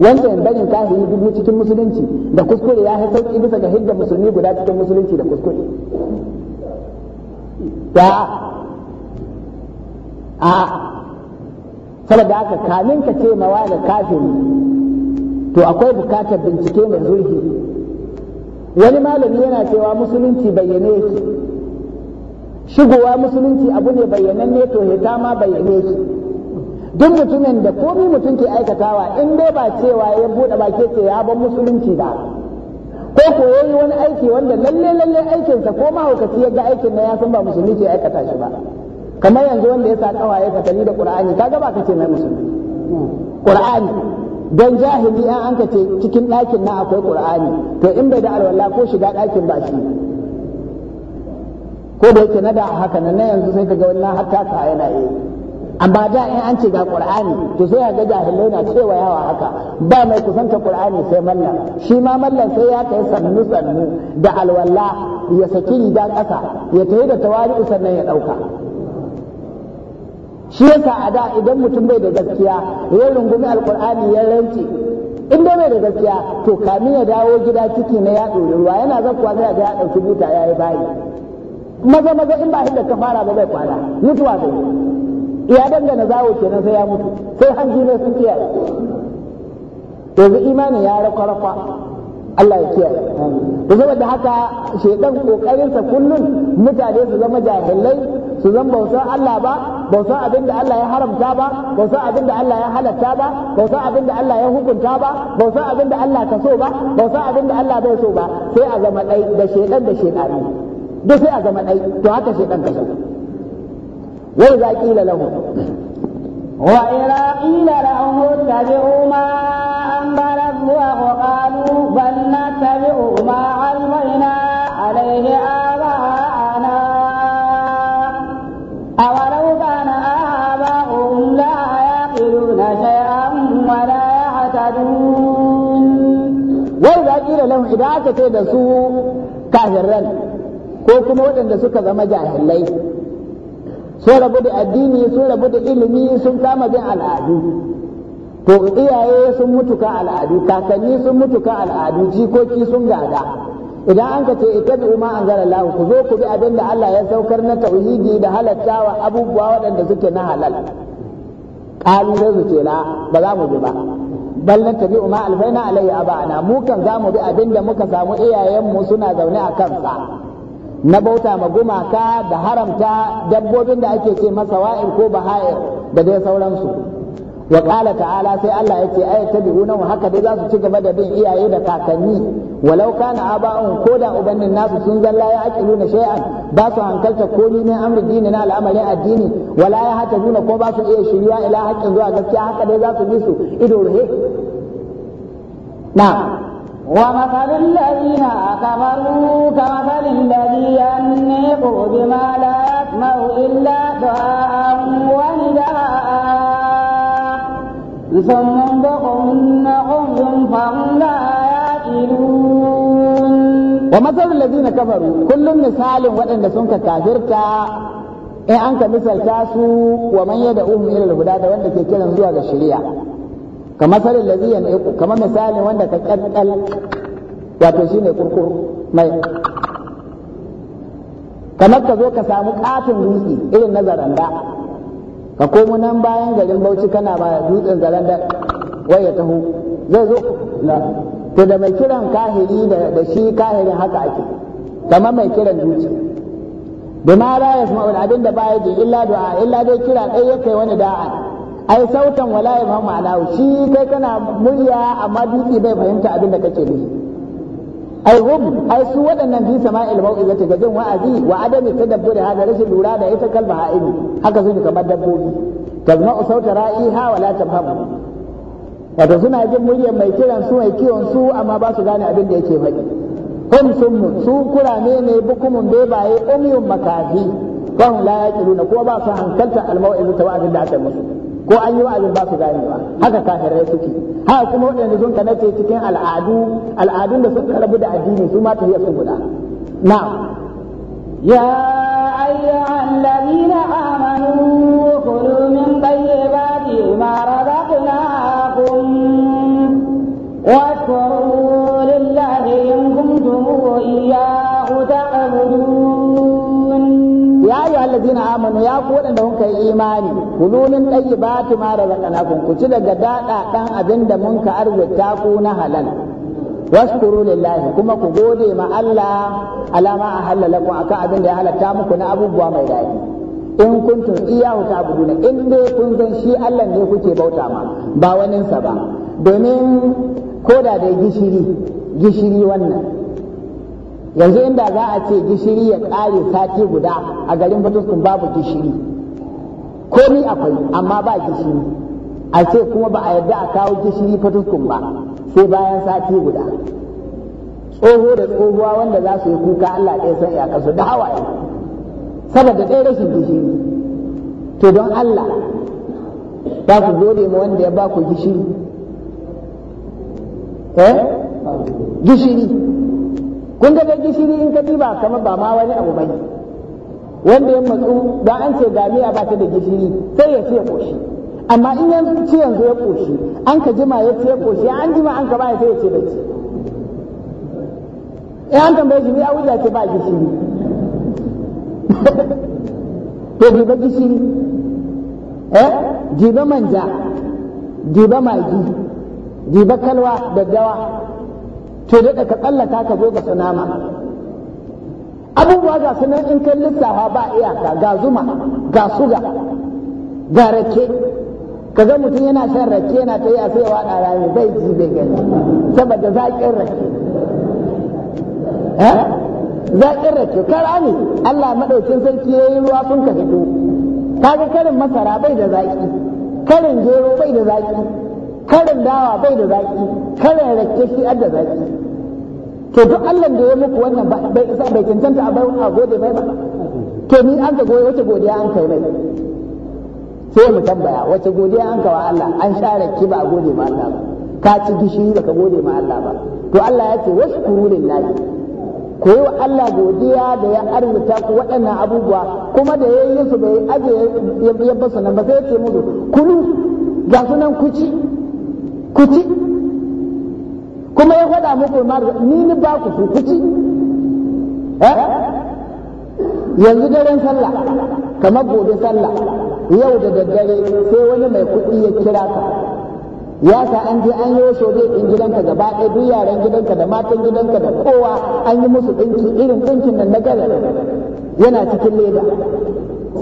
S1: Wanda wancan barin kahiri dubu cikin musulunci da kuskure ya yi sauki bisa ga hidda musulmi guda cikin musulunci da kuskure ya a saboda haka kamin ka ce mawa da kafin to akwai bukatar bincike mai zurfi wani malami yana cewa musulunci bayyane yake shigowa musulunci abu ne bayyananne to hita ma bayyane yake duk mutumin da komi mutum ke aikatawa in dai ba cewa ya buɗe ke ce ya ban musulunci da ko ko yayi wani aiki wanda lalle lalle aikinsa ko mahaukaci ya ga aikin na ya san ba musulunci ya aikata shi ba kamar yanzu wanda ya sa kawaye fatali da qur'ani kaga ba ka ce mai musulmi qur'ani don jahili an an ce cikin ɗakin na akwai qur'ani to in bai da alwala ko shiga ɗakin ba shi ko da yake na da haka na yanzu sai kaga wannan har ka yana yi amma da in an ce ga qur'ani to sai ya ga jahilai na cewa yawa haka ba mai kusanta qur'ani sai mallan shi ma mallan sai ya kai sannu sannu da alwala ya saki riga ƙasa ya tayi da tawali'u sannan ya ɗauka shi yasa a da idan mutum bai da gaskiya ya rungumi alkur'ani ya rance in bai da gaskiya to kamin ya dawo gida ciki na ya ɗori ruwa yana zakkuwa sai ga ya ɗauki buta ya yi bayi maza maza in ba hidda fara ba zai kwana mutuwa zai ya dangana zawo kenan sai ya mutu sai hanji ne sun kiyaye yanzu imanin ya rakwa-rakwa Allah ya kiyaye to saboda haka shedan kokarinsa kullun mutane su zama jahilai su zan bautar Allah ba bautar abin da Allah ya haramta ba bautar abin da Allah ya halatta ba bautar abin da Allah ya hukunta ba bautar abin da Allah ka so ba bautar abin da Allah bai so ba sai a zama ɗai da shaidan da shedani duk sai a zama ɗai to haka shaidan ka shaidan wai za kila lahu
S2: wa ila
S1: qila lahu tabi'u ma An anbara
S2: wa ban na nattabi'u ma يشهدون
S1: وإذا قيل لهم إذا أكت دسو ko kuma waɗanda suka zama مجاهلين sun rabu da addini sun rabu da ilimi sun kama bin al'adu to iyaye sun mutu kan al'adu kakanni sun mutu kan al'adu jikoki sun gada idan an ka ce ita da umma an zara lahu ku zo ku bi abin da Allah ya saukar na tauhidi da halattawa abubuwa waɗanda suke na halal ƙalu sai su ce la ba za mu bi ba bal na tabi ma alfaina alayhi abana mu kan zamu mu bi abinda muka samu iyayen mu suna zaune a kansa na bauta ma gumaka da haramta dabbobin da ake ce masa wa'ir ko baha'ir da dai sauransu wa qala ta'ala sai Allah yake ay tabi'una wa haka dai zasu ci gaba da bin iyaye da kakanni walau kana aba'un ko da ubannin nasu sun zalla ya na shay'an ba su hankalta ni ne amri dini na al'amarin addini wala ya hata ko ba su iya shiriwa ila haƙƙin zuwa gaskiya haka dai za su bi su ido ruhe Wa matsalar matsalin
S2: layi a
S1: wani na kafaru kullum misalin waɗanda sun kakazarta in an kamisarka su, wa manya da ukun ilil guda da wanda ke kiran zuwa ga shirya. kamar sarin laziyan iku kamar misalin wanda ka kalkal wato ne kurkur mai kamar ka zo ka samu katin dutse irin na zaranda ka komo nan bayan garin bauchi kana ba dutsen zaranda wai ya taho zai zo to da mai kiran kahiri da shi kahirin haka ake kamar mai kiran dutse bima la yasma'ul abin da baya ji illa du'a illa dai kira dai yake wani da'a ai sautan wala ya fahimta alahu shi kai kana murya amma dutse bai fahimta abin da kake nufi ai hum ai su waɗannan fi sama'il mau'izati ga jin wa'azi wa adami tadabburi hada rashin lura da ita kalba ha'ini haka suke kamar dabbobi tazma'u sauta ra'iha wa la tafhamu wato suna jin muryar mai kiran su mai kiwon su amma ba su gane abin da yake faɗi hum sun su kurame ne bukumun bebaye umyun makafi kan la yaqiluna ko ba su hankalta al-mau'izati ta da aka musu ko an yi wa'azin ba su ganewa haka kafirai suke haka kuma waɗanda sun kana ce cikin al'adu al'adun da suka rabu da addini su ma tafiya sun guda na ya ayyuhan ladina amanu kulu
S2: min tayyibati ma razaqnakum
S1: washkuru lillahi in
S2: kuntum iyyahu
S1: ta'budun ya ayyuhan ladina amanu ya ku waɗanda suka yi imani kululin tayyibati ma razaqnakum ku ci daga ɗan abin abinda mun ka arzuta ku na halal washkuru lillahi kuma ku gode ma Allah alama a ku akan abin da ya halatta muku na abubuwa mai daɗi in kuntum iyahu ta'buduna in dai kun san shi Allah ne kuke bauta ma ba wani sa ba domin koda da gishiri gishiri wannan yanzu inda za a ce gishiri ya ƙare sati guda a garin fatuskun babu gishiri komi akwai amma ba gishiri a ce kuma ba a yarda a kawo gishiri fatuskun ba sai bayan sati guda tsoho da tsohuwa wanda za su yi kuka Allah ɗaya san iyakarsu da hawaye saboda ɗaya rashin gishiri to don Allah ba ku gode ma wanda ya ba ku gishiri eh gishiri kun ga gishiri in ka diba kamar ba ma wani abu bane wanda ya matsu da an ce gamiya ba ta da gishiri sai ya ce koshi amma in ya ci yanzu ya koshi an ka jima ya ce koshi an jima an ka ba ya sai ya ce bai ci in eh, an tambaye shi ni a wuya ce ba gishiri (laughs) to jiba gishiri eh jiba manja jiba magi jiba kalwa da dawa to da ka tsallaka ka zo ga sunama abubuwa ga sunan in kan lissafa ba iyaka ga zuma ga suga ga rake Ka kaga mutum yana shan rake yana ta yi a sai wa ɗara rami bai ji bai gani saboda zaƙin rake eh? zaƙin rake kara ne Allah maɗaukin sarki ya yi ruwa sun ka fito kaga karin masara bai da zaƙi karin gero bai da zaƙi karin dawa bai da zaƙi karin rake shi da zaƙi to duk Allah da ya muku wannan bai isa bai cancanta a bayan a gode mai ba to ni an ka goye wace godiya an kai mai sai mu tambaya wace godiya an kawa Allah an share ki ba gode ma Allah ba ka ci gishiri ka gode ma Allah ba to Allah ya ce wasu kururin ko ku yi wa Allah godiya da ya arzuta ku waɗannan abubuwa kuma da ya yi su bai aje ya basu nan ba sai ya ce musu kulu ga sunan kuci kuci kuma ya faɗa muku ma ni ni ba ku su kuci eh? yanzu daren sallah kamar gobe sallah yau da daddare sai wani mai kuɗi ya kira ka ya sa an je an yi wa shobe ɗin gidanka gaba ɗaya duk yaran gidanka da matan gidanka da kowa an yi musu ɗinki irin ɗinkin nan na gare yana cikin leda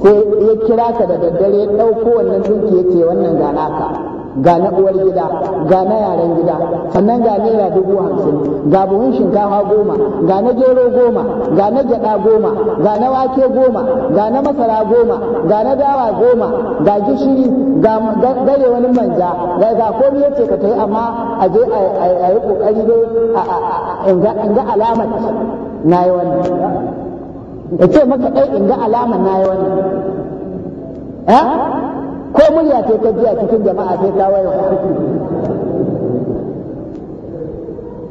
S1: sai ya kira ka da daddare ya ɗauko wannan ɗinki ya ce wannan gana ka ga na uwar gida ga na yaren gida sannan ga naira dubu hamsin ga buhun shinkafa goma ga na gero goma ga na gyada goma ga na wake goma ga na masara goma ga na dawa goma ga gishiri ga gare wani manja ga ga komai yace ka tayi amma a je a yi kokari dai in ga alamar na yi wannan ya ce maka ɗai in ga alamar na yi wannan ko murya ce ka jiya cikin jama'a sai ta waya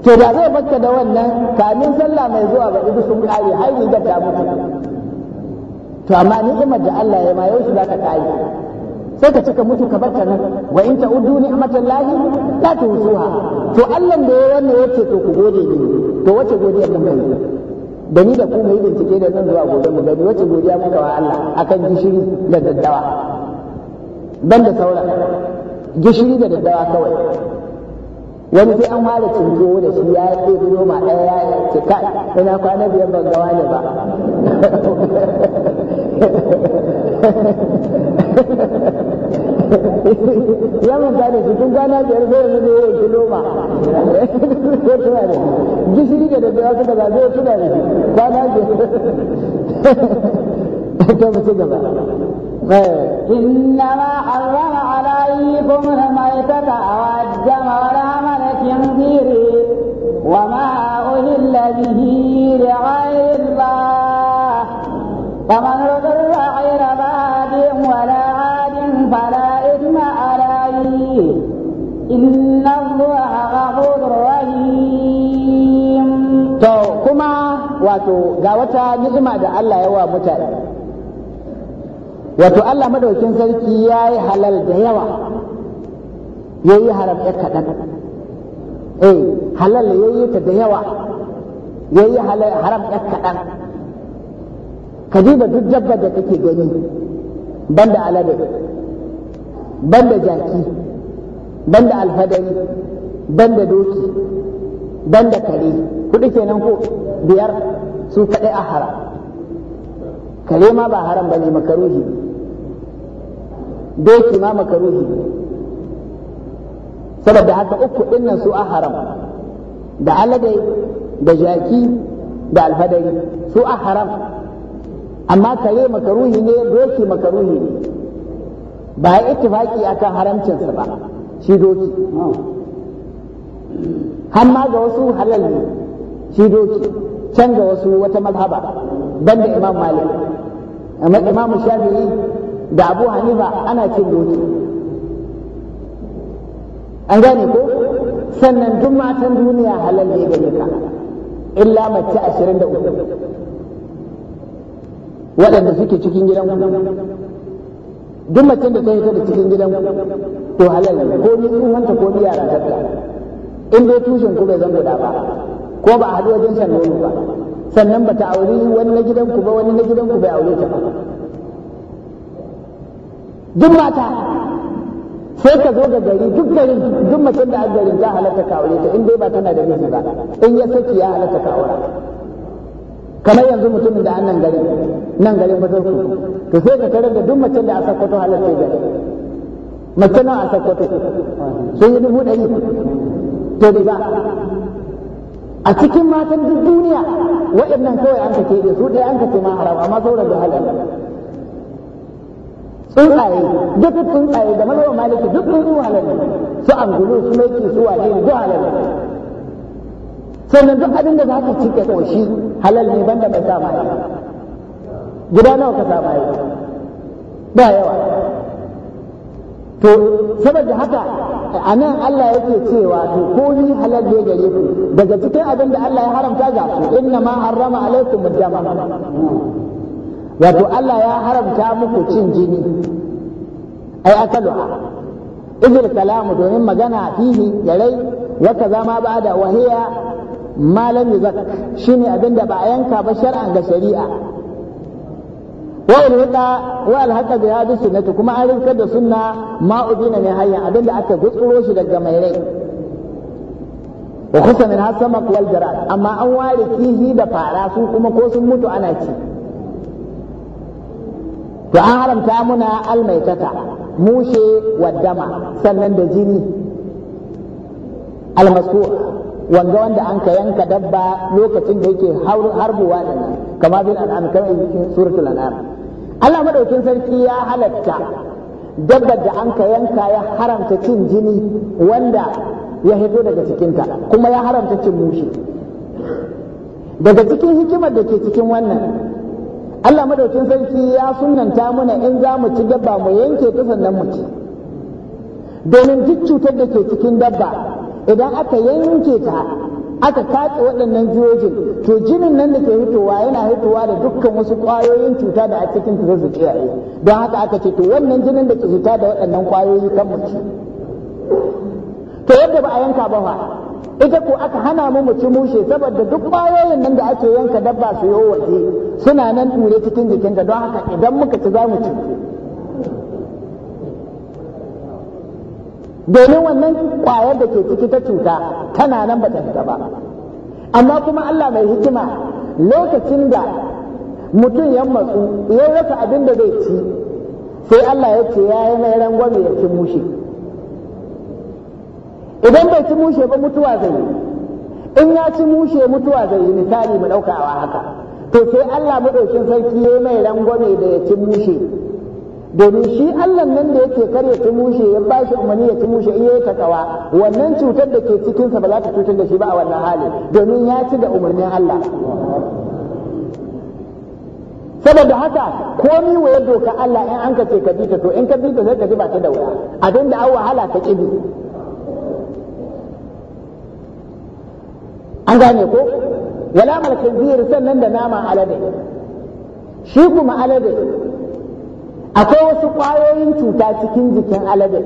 S1: to da zai bakka da wannan kamin sallah mai zuwa ba idu sun kare ni da ta mutu to amma ni kuma da Allah ya ma yau shi zaka kai sai ka cika mutu ka barka nan wa in ta ta'uddu ta ta tuhsuha to Allah da ya wannan yace to ku gode ni to wace godiya kan kai da ni da ku mu yi bincike da zan zuwa gobe mu gani wace godiya muka wa Allah akan gishiri da daddawa ban da saura gishiri da daddawa kawai wani sai an fara cinko da shi ya yi noma ɗaya ya ce kai ina kwana biyar ban gawa ne ba ya gane shi tun gana biyar zai yanzu zai yi kiloma ko tuna gishiri da daddawa suka zaɓe tuna da kwana biyar (laughs) ta mutu gaba إنما
S2: حرم عليكم الميتة والدم ولحم الخنزير وما أهل به لغير الله فمن اضطر غير باد ولا عاد فلا إثم عليه إن الله غفور
S1: رحيم. تو كما واتو غاوتا نعمة الله يوا متعلق wato Allah madaukin sarki ya yi halal da yawa ya yi haram ya kaɗan eh halal ya yi ta da yawa ya yi haram ya kaɗan ka duba duk dabbar da kake gani banda alade banda jaki banda alfadari banda doki banda kare kuɗi kenan ko biyar su kaɗai a haram kare ma ba haram ba ne makaruhi doki ma makaruhi saboda haka uku dinnan su a haram da alade da jaki da alhadari su a haram amma kare makaruhi ne doki makaruhi ne ba ya ittifaki akan haramcinsa ba shi doki amma ga wasu halal ne shi doki can ga wasu wata mazhaba banda imam malik amma imam shafi'i da abu hanifa ana cin doki an gane ko sannan duk matan duniya halal ne gare ka illa mace ashirin da uku waɗanda suke cikin gidan duk macen da ta yi da cikin gidan to halal ne ko ni tsohonta ko ni yara ta in dai tushen ku bai zan guda ba ko ba a haɗu wajen shan nono ba sannan ba ta aure wani na gidan ku ba wani na gidan ku bai aure ta ba duk mata sai ka zo ga gari duk garin duk macen da aka garin ta halatta ka ta in dai ba tana da miji ba in ya saki ya halatta kawai kamar yanzu mutumin da an nan gari nan garin ba ku to sai ka tarar da duk macen da aka kwato halatta ya gari mace nawa aka kwato sai ya dubu ɗari to ba a cikin matan duk duniya waɗannan kawai an ka keɓe su ɗaya an ka ce ma haram amma sauran da halal tsuntsaye duk tsuntsaye da malawa maliki duk tsuntsu halal su gulu su mai su waje duk halal sannan duk abin da za ka ci ka koshi halal ne banda bai sa mai guda nawa ka sa mai ba yawa to saboda haka a nan Allah yake cewa to ko ni halal ne gare ku daga cikin abin da Allah ya haramta ga ku inna ma harrama alaikum dama wato Allah ya haramta muku cin jini ai akalu'a izir kalamu domin magana fihi yarai wata zama ba da wahiya malam yuzak shine abinda ba a yanka ba shar'an ga shari'a wa alhaqa wa alhaqa bi hadhihi sunnati kuma an rinka da sunna ma udina ne hayya abinda aka gutsuro shi daga mai rai wa khusa min hasamak wal jarat amma an ware kihi da fara su kuma ko sun mutu ana ci to an haramta muna almaitata mushe wa dama sannan da jini almasu wanda wanda an ka yanka dabba lokacin da yake harbuwa da nan kama bin al'am kamar cikin suratul an'am Allah madaukin sarki ya halatta dabbar da an ka yanka ya haramta cin jini wanda ya hito daga cikinta kuma ya haramta cin mushe daga cikin hikimar da ke cikin wannan Allah madaukin sarki ya sunanta mana in za mu ci dabba mu yanke ta sannan mu ci domin duk cutar da ke cikin dabba idan aka yanke ta aka katse waɗannan jiyojin to jinin nan da ke hitowa yana hitowa da dukkan wasu ƙwayoyin cuta da a cikin ta don haka aka ce to wannan jinin da ke hita da waɗannan ƙwayoyi kan mu ci to yadda ba a yanka ba fa ita ko aka hana mu mu ci mushe saboda duk bayoyin nan da ake yanka dabba su yi waje suna nan ɗure cikin jikinta don haka idan muka ci za mu ci domin wannan ƙwayar da ke ciki ta cuta tana nan ba ta fita ba amma kuma Allah mai hikima lokacin da mutum ya matsu ya rasa abin da zai ci sai Allah ya ce ya yi mai rangwame ya ci mushe idan bai ci mushe ba mutuwa zai yi in ya ci mushe mutuwa zai yi misali mu ɗaukawa haka to sai Allah maɗaukin sarki ya mai rangwame da ya ci mushe domin shi Allah nan da yake kar ya ci mushe ya ba shi umarni ya ci mushe in yayi takawa wannan cutar da ke cikin sa ba za ta cutar da shi ba a wannan hali. domin ya ci da umarnin Allah saboda haka komi waya doka Allah in an kace ka bi ta to in ka bi ta sai ka ji ba ta da wuya abinda an wahala ka kibi an gane ko wala malkin sannan da nama alade shi kuma alade akwai wasu kwayoyin cuta cikin jikin alade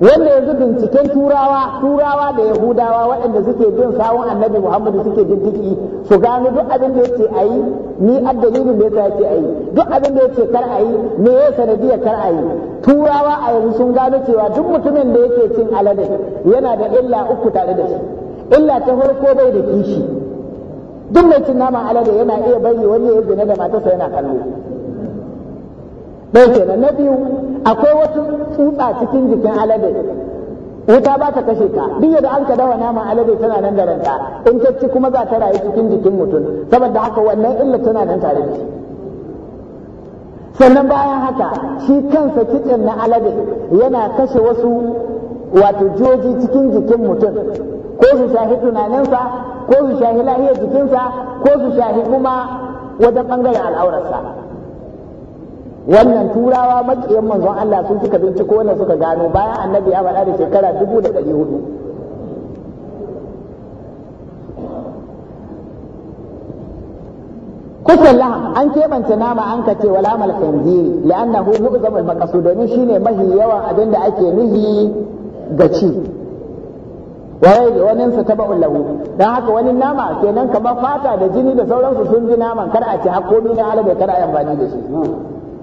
S1: wanda yanzu binciken turawa turawa da yahudawa waɗanda suke bin sawun annabi muhammadu suke bintiki su gano duk abin da yake a yi ni addalilin da yake a yi duk abin da yake kar a yi me ya sanadiyar kar a yi turawa a yanzu sun gano cewa duk mutumin da yake cin alade yana da illa uku tare da shi illa ta farko bai da kishi duk mai cin naman alade yana iya bari wani ya zina da matarsa yana kallo dai kenan na biyu akwai wasu tsutsa cikin jikin alade wuta ba ta kashe ka duk yadda an ka dawa naman alade tana nan garanta in ta ci kuma za ta rayu cikin jikin mutum saboda haka wannan illa tana nan tare da shi sannan bayan haka shi kansa kitsen na alade yana kashe wasu wato joji cikin jikin mutum ko su shahi tunaninsa ko su shahi lahiyar jikinsa ko su shahi kuma wajen ɓangaren al'aurarsa wannan turawa maƙiyan manzon Allah sun suka binciko wannan suka gano bayan annabi ya faɗa da shekara dubu da ɗari hudu kusan laham an keɓance nama an ka ce wala mal khanziri li'annahu mu'zamul maqsud domin shine mahi yawan abin ake nihi ga ci waye wani su taba lahu dan haka wani nama kenan kamar fata da jini da sauransu sun ji naman kar a ci hakkomi na halabe kar a yi amfani da shi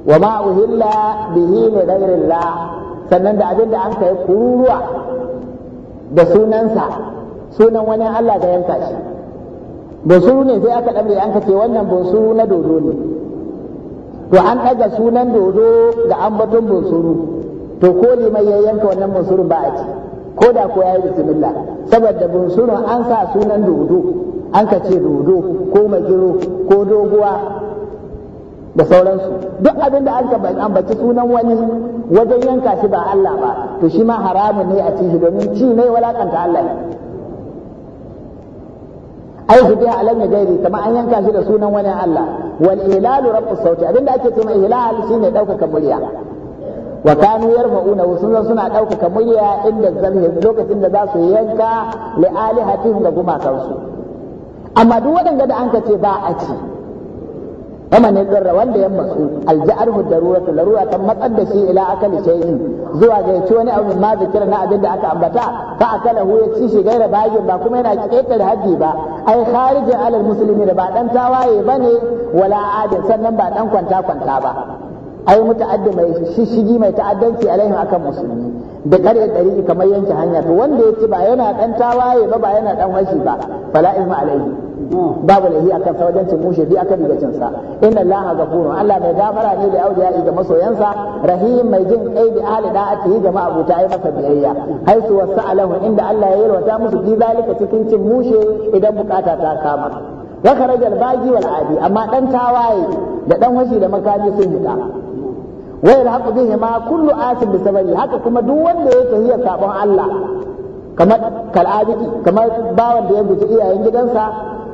S1: wa ma uhilla bihi li ghayrillah sannan da abin da an kai kururuwa da sunansa sunan wani Allah da yanka shi bunsuru ne sai aka dabe an kace wannan bunsuru na dodo ne to an ɗaga sunan dodo da ambaton bunsuru to ko limai ya yanka wannan bunsurun ba a ci ko da ko yayi bismillah saboda bin sunan an sa sunan dodo an ka ce dodo ko magiro ko doguwa da sauransu duk abin da an ka ambaci sunan wani wajen yanka shi ba Allah ba to shi ma haramun ne a ci shi domin ci mai walakanta Allah ne ai su biya alam ya gairi kamar an yanka shi da sunan wani Allah wal ilalu rabbus sauti da ake cewa ilal shine daukaka murya wa kanu yarfa'una sun suna ɗaukaka murya inda zalhi lokacin da za su yanka li alihatihim ga gumakansu amma duk waɗanda da an ka ce ba a ci kama ne tsirra wanda ya masu alja'arhu daruratu larura ta matsar da shi ila akali shay'in zuwa ga ci wani abu ma zikira na abin da aka ambata fa akalahu ya ci shi gaira bagin ba kuma yana ƙetare haddi ba ai kharijin alal musulmi da ba dan tawaye bane wala adin sannan ba dan kwanta kwanta ba ai muta'addi mai shishigi mai ta'addanci alaihim akan musulmi da kare dari kamar yanke hanya to wanda yace ba yana dan tawaye ba ba yana dan washi ba fala ilma alaihi babu lahi akan sa wajen mushe bi akan rigacin sa inna allaha ghafurun allah mai gafara ne da auliya ga masoyansa rahim mai jin kai da ahli da'ati ga ma'abuta ai masa biyayya haisu wasa'alahu inda allah ya yalwata musu bi zalika cikin cin mushe idan bukata ta kama wa kharaja ba baghi wal adi amma dan tawaye da dan washi da makami sun fita wa yarhaqu bihi ma kullu atin bi sababi haka kuma duk wanda yake hiya sabon Allah kamar kal'abiki kamar bawan da ya guji iyayen gidansa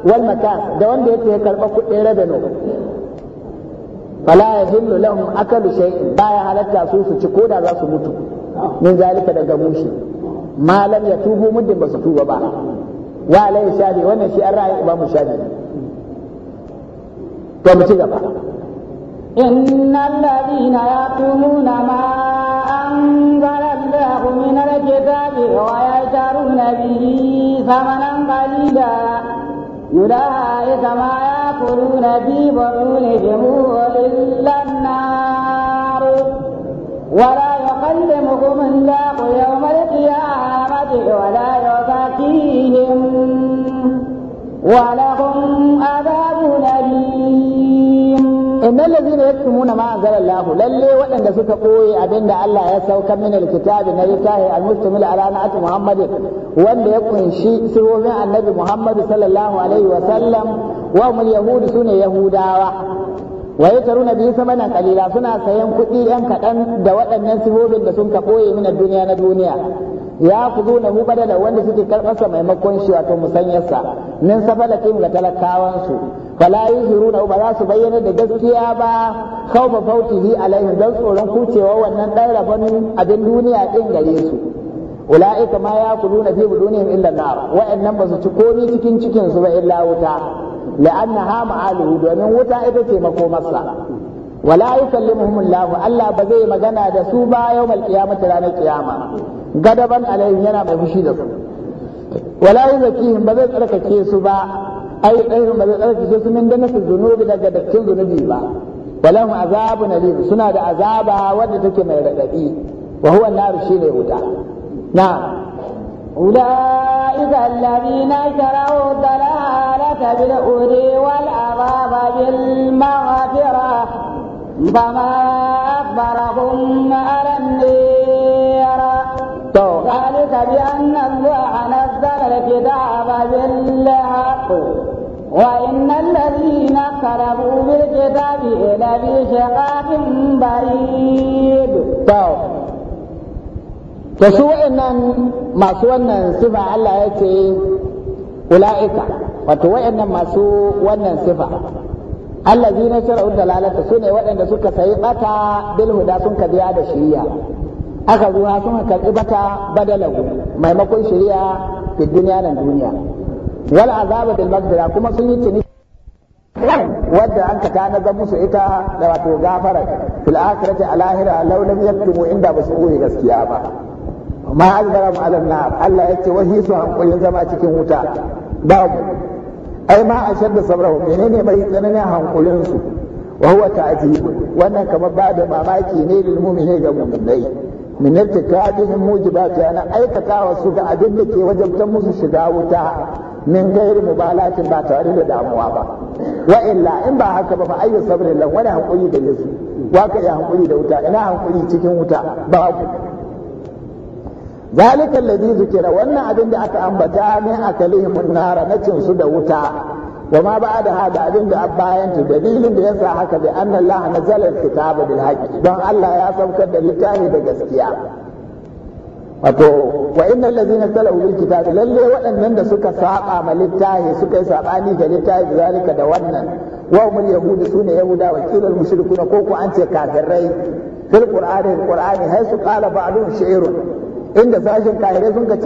S1: wal makan da wanda yake ya karba kuɗin rabeno fala yahillu lahum akalu shay'in baya halatta su su ci koda za su mutu min zalika daga mushi malam ya tubu muddin ba su tuba ba wa alai shadi wannan shi an ra'ayi mu shadi to mu ci gaba
S2: إن الذين يكتمون ما أنزل الله من الكتاب ويشترون به ثمنا قليلا أولئك ما يأكلون في بطونهم إلا النار ولا يكلمهم الله يوم القيامة ولا يزكيهم
S1: ولهم
S2: عذاب أليم
S1: innal ladhina yaktumuna ma anzala lallai waɗanda suka koye abinda Allah ya sauka min alkitabi na littafi almustamil ala na'at Muhammad wanda ya kunshi sirrin annabi muhammadu sallallahu alaihi wa sallam wa sune yahudawa wa yataruna bihi samanan kalila suna sayan kuɗi yan kaɗan da waɗannan sifofin da sun ka koye duniya na duniya ya kudu na mu da wanda suke karɓarsa maimakon shi wato musanyarsa safala safalatin ga talakawansu fala na ba za su bayyana da gaskiya ba khawfa fautihi alaihim dan tsoron kucewa wannan dan rabon abin duniya din gare su ula'ika ma ya kudu na fi budunihim illa nar wa'annan ba su ci komi cikin cikin su ba illa wuta la'annaha ma'aluhu domin wuta ita ce makomarsa wala yukallimuhum Allah Allah ba zai magana da su ba yawmal qiyamati ranar kiyama gadaban alaihim yana mai fushi da su wala yuzakihim ba zai tsarkake su ba ai ɗayan ba zai tsarkake su min danasu zunubi daga dattin zunubi ba walahum azabun alim suna da azaba wadda take mai radadi wa huwa nar shine wuta na'am أولئك
S2: الذين اشتروا الضلالة بالهدى والعذاب بالمغفرة فما أكبرهم على يرى طيب. ذلك بأن الله نزل الكتاب بالحق وإن الذين اختلفوا بالكتاب لفي شقاق بعيد طيب.
S1: to su wa'annan masu wannan sifa Allah ya ce ula'ika wato wa'annan masu wannan sifa allah na shara'u dalalata su ne waɗanda suka sayi bata bil huda sun ka biya da shiriya aka zuwa sun karɓi bata badalahu maimakon shiriya fi duniya nan duniya wal azabu bil maghfira kuma sun yi tuni wadda an ka tanazar musu ita da wato gafara fil akhirati al lahira law lam yaktumu inda basu gaskiya ba ma azgara mu alam Allah ya ce su an koyi zama cikin wuta babu ai ma a shadda sabra menene mai tsananin hankulin su wa huwa ta'jib wannan kamar ba da mamaki ne lil mu'mini ga mu'minai min irtikabihim mujibat yana aikatawa su ga abin da ke wajabtan musu shiga wuta min gairi mubalatin ba tare da damuwa ba wa illa in ba haka ba fa ayyu sabrin lan wani hankuli da yasu wa ka ya hankuli da wuta ina hankuli cikin wuta babu zalikan ladhi zikira wannan abin da aka ambata ne akalihimun nara na cin su da wuta wa ma ba da hada abin da bayan ta dalilin da yasa haka bi anna Allah nazala alkitaba bil haqq don Allah ya saukar da littafi da gaskiya wato wa innal ladhina salawu bil kitabi lalle waɗannan da suka saba ma littafi suka yi sabani ga littafi zalika da wannan wa mul yahudu sune yahuda wa kilal mushrikuna ko ko an ce kafirai fil qur'ani qur'ani hay su qala ba'dun shi'run inda sashen kahirai sun ce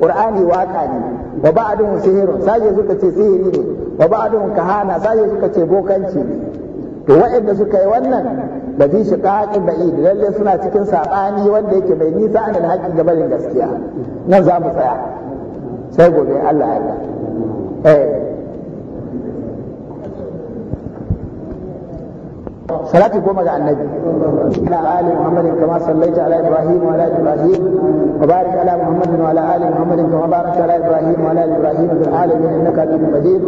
S1: ƙur'ani waka ne wa ba'dun sihiru sashe suka ce sihiri ne wa ba'dun kahana sashe suka ce bokanci ne to waɗanda suka yi wannan da fi shi ƙaƙin da lalle suna cikin saɓani wanda yake mai nisa an da ga gabarin gaskiya nan za mu tsaya sai gobe Allah ya صلاة الجمعة على النبي على آل محمد كما صليت على إبراهيم وعلى إبراهيم وبارك على محمد وعلى آل محمد كما باركت على إبراهيم وعلى إبراهيم في العالمين إنك أنت مجيد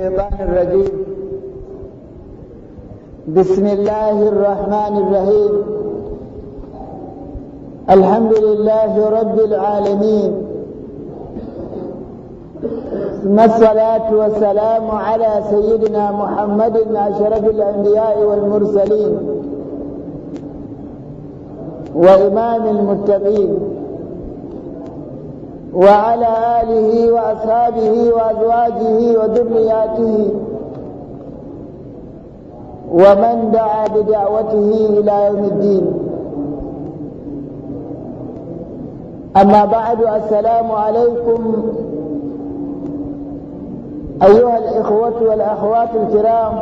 S1: الشيطان الرجيم بسم الله الرحمن الرحيم الحمد لله رب العالمين الصلاة والسلام على سيدنا محمد أشرف الأنبياء والمرسلين وإمام المتقين وعلى آله وأصحابه وأزواجه وذرياته ومن دعا بدعوته إلى يوم الدين أما بعد السلام عليكم أيها الإخوة والأخوات الكرام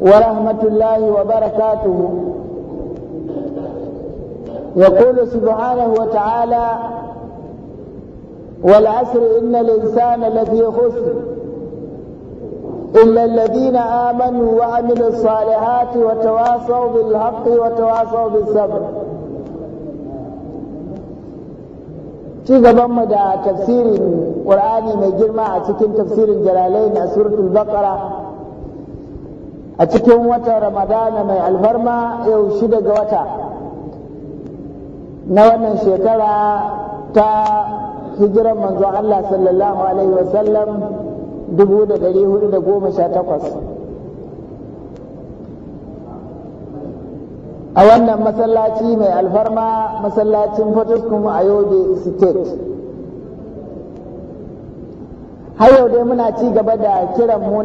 S1: ورحمة الله وبركاته يقول سبحانه وتعالى والعسر إن الإنسان الذي خسر إلا الذين آمنوا وعملوا الصالحات وتواصوا بالحق وتواصوا بالصبر ci gaban mu da tafsirin ƙur'ani mai girma a cikin tafsirin jalalain a suratul baqara a cikin watan ramadana mai albarma, yau shida ga wata na wannan shekara ta hijiran manzo Allah sallallahu alaihi wasallam 1418 a wannan masallaci mai alfarma masallacin fotoskum a yobe state har yau dai muna ci gaba da kiran mu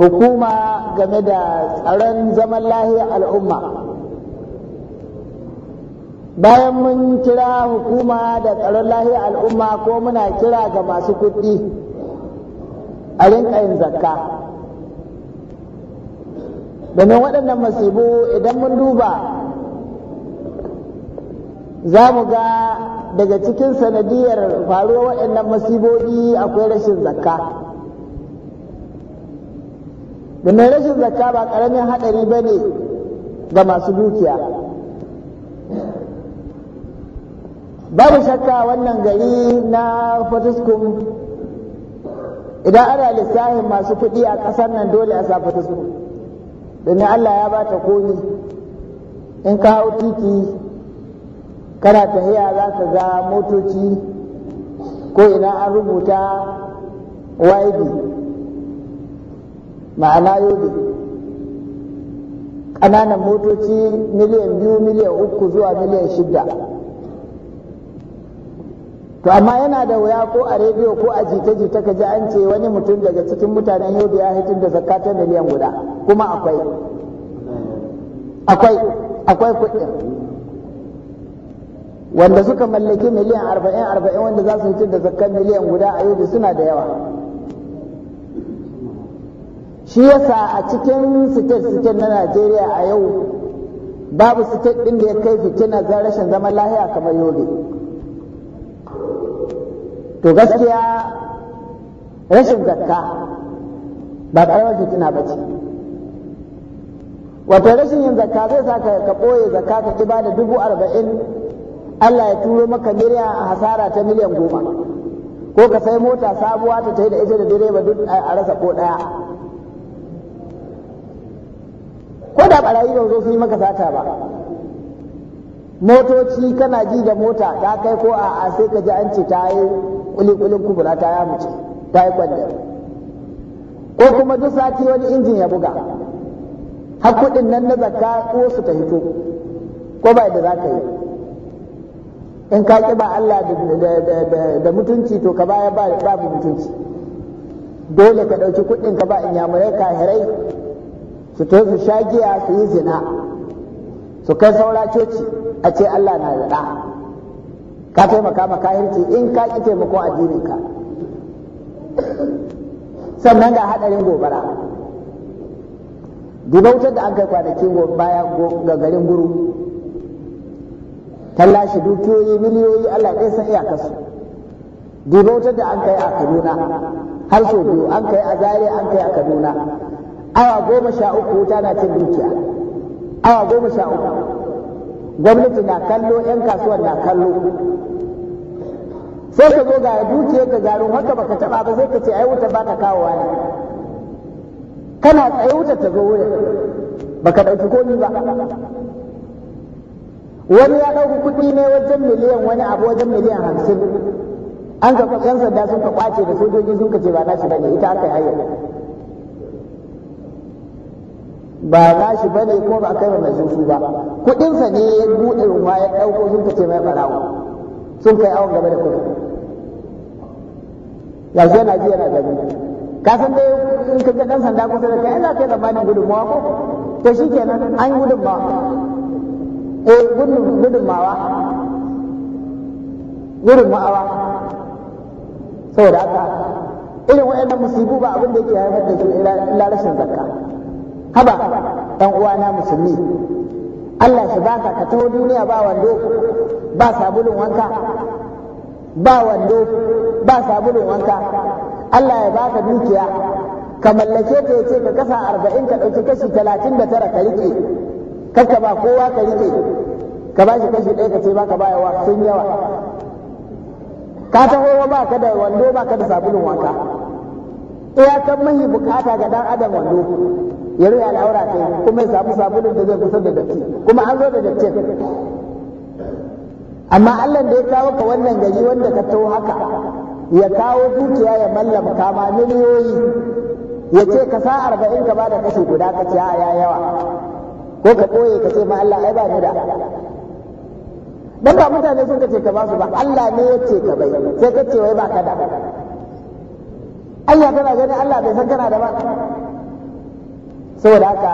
S1: hukuma game da tsaron zaman lahiyar al'umma bayan mun kira hukuma da tsaron lahiyar al'umma ko muna kira ga masu kuɗi a rinka yin zakka domin waɗannan masibu idan mun duba za mu ga daga cikin sanadiyar faruwa waɗannan masibobi akwai rashin zakka domin rashin zakka ba ƙaramin haɗari ba ne ga masu dukiya babu shakka wannan gari na fatiskum idan ana lissafin masu kuɗi a ƙasar nan dole a sa fatiskum domin Allah ya ba ta komi in ka hau titi kana tahiya za ka ga motoci ko ina an rubuta waibi ma'ana yobe ƙananan motoci miliyan biyu miliyan uku zuwa miliyan shida to amma yana da wuya ko a rediyo ko a jita-jita ka ji an ce wani mutum daga cikin mutanen yau da ya hitin da zakka ta miliyan guda kuma akwai akwai akwai kuɗin wanda suka mallaki miliyan arba'in arba'in wanda za su hitin da zakka miliyan guda a yau suna da yawa shi yasa a cikin sitet-sitet na najeriya a yau babu sitet ɗin da ya kai fitina zan rashin zaman lahiya kamar yobe to gaskiya rashin zakka ba karamar fitina ba ce wato rashin yin zakka zai sa ka ɓoye zakka ka ki da dubu arba'in Allah ya turo maka miliyan hasara ta miliyan goma ko ka sai mota sabuwa ta tayi da ita da direba duk a rasa ko ɗaya ko da barayi ba zo su yi maka sata ba motoci kana ji da mota ta kai ko a'a sai ka ji an ce ta yi kulikulin kulin kubura ta ya mace ta yi kwallon ko kuma duk sati wani injin ya buga har kuɗin nan na zakka ko su ta hito ko ba da za ka yi in ka ƙi ba Allah da mutunci to ka baya ba mu mutunci dole ka ɗauki kuɗin ka ba in yamurai kahirai su to su shagiya su yi zina su kai saura coci a ce Allah na da ka taimaka ma kayarci in ka ki taimako addinin ka sannan ga hadarin gobara dubautar da an kai kwanakin baya ga garin guru tallashi dukiyoyi miliyoyi Allah ɗaya san kasu. dubautar da an kai a Kaduna har sau biyu an kai a Zare an kai a Kaduna awa goma sha uku wuta na cin dukiya awa goma sha uku gwamnati na kallo 'yan kasuwar na kallo sai ka zo ga dukiyar ka garin haka baka taba ba sai ka ce ai wuta baka kawowa ne kana tsaye wuta ta zo wurin baka dauki komi ba wani ya dauki kuɗi ne wajen miliyan wani abu wajen miliyan hamsin an ka yan sanda sun ka kwace da sojoji sun ka ce ba nashi bane ita aka yi ba za shi ba ne ko ba a kai ba mai jinsu ba kuɗinsa ne ya buɗe ruwa ya ɗauko sun kace mai barawo sun kai awon gaba da kuɗi yanzu yana ji yana gani ka san dai in ka ga ɗan sanda kusa da kai za kai yi tsammanin gudunmawa ko to shi kenan an yi gudunmawa eh gudunmawa gudunmawa saboda haka irin waɗannan musibu ba abin da yake haifar da su ila rashin zakka haba ɗan uwana musulmi Allah shi baka ka taho duniya ba wando ba sabulun wanka ba wando ba sabulun wanka Allah ya baka dukiya ka mallake ta yace ka kasa arba'in ka ɗauki kashi talatin da tara ka riƙe kakka ba kowa ka riƙe ka ba shi kashi ɗaya ka ce baka yawa sun yawa ka taho ba ka da wando ba ka da sabulun wanka iyakan mahi bukata ga dan adam wando ya rufe al'aura kai kuma ya samu sabulun da zai kusa da datti kuma an zo da datti amma Allah da ya kawo ka wannan gari wanda ka taho haka ya kawo dukiya ya mallam ma miliyoyi ya ce ka sa arba'in ka ba da kashi guda ka ci ya yawa ko ka ɓoye ka ce ma Allah ai ba ni da dan ba mutane sun ka ce ka ba su ba Allah ne ya ce ka bai sai ka ce wai ba ka da Allah tana gani Allah bai san kana da ba saboda haka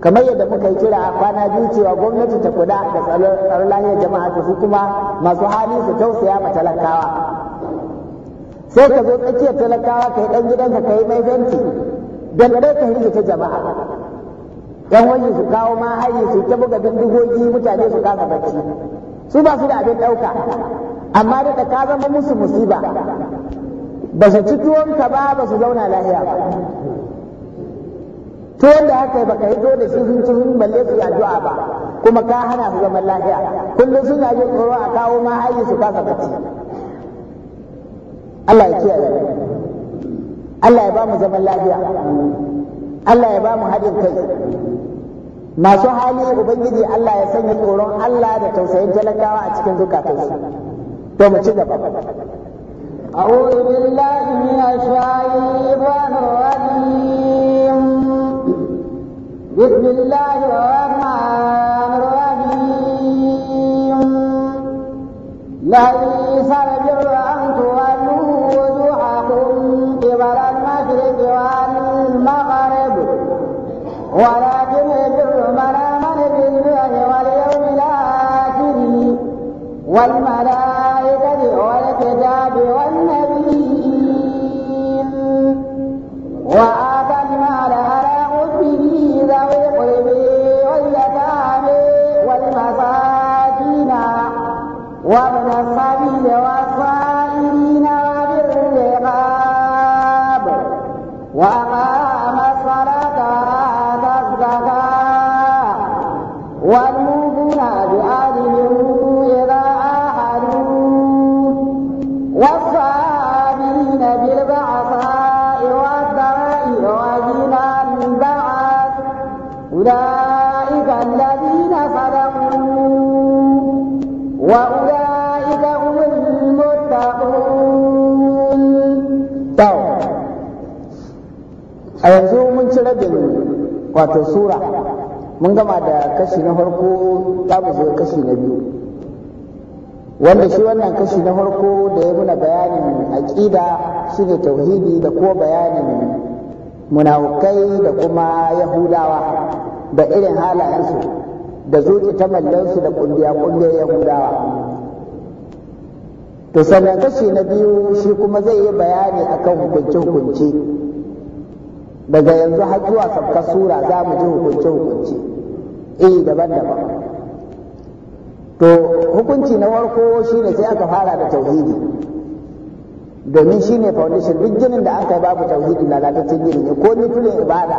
S1: kamar yadda muka yi kira a kwana biyu cewa gwamnati ta kula da tsaron lahiyar jama'a ta su kuma masu hali su tausaya ma talakawa sai ka zo tsakiyar talakawa ka yi dan gidanka ka yi mai fenti don dai ka ta jama'a yan wani su kawo ma hari su ta buga bindigogi mutane su kasa bacci su ba su da abin ɗauka amma da ka zama musu musiba ba su ci tuwonka ba ba su zauna lahiya ba to wanda aka yi baka hito da shi sun ci sun balle su addu'a ba kuma ka hana su zaman lafiya kullum suna jin tsoro a kawo ma ayi su kasa kaci Allah ya kiyaye Allah ya ba mu zaman lafiya Allah ya ba mu haɗin kai masu hali ubangiji Allah ya sanya tsoron Allah da tausayin talakawa a cikin su to mu ci gaba أعوذ بالله من الشيطان
S2: الرجيم بسم الله الرحمن الرحيم ليس البر أن تولوا وجوهكم قبل المشرق والمغرب ولكن البر من آمن بالله واليوم الآخر والملائكة والكتاب والنبيين
S1: a yanzu mun ci rabin wato sura mun gama da kashi na farko za mu zo kashi na biyu wanda shi wannan kashi na farko da ya muna bayanin aƙida shine tauhidi da ko bayanin munawukai da kuma yahudawa da irin halayensu da zuci ta mallansu da kungiya-kungiyar yahudawa to sannan kashi na biyu shi kuma zai yi bayani akan hukunce-hukunce daga yanzu har zuwa sabka sura za mu ji hukunce hukunce eh daban-daban to hukunci na farko shine sai aka fara da tauhidi domin shine foundation duk ginin da aka yi babu tauhidi lalataccen gini ne ko nufin ibada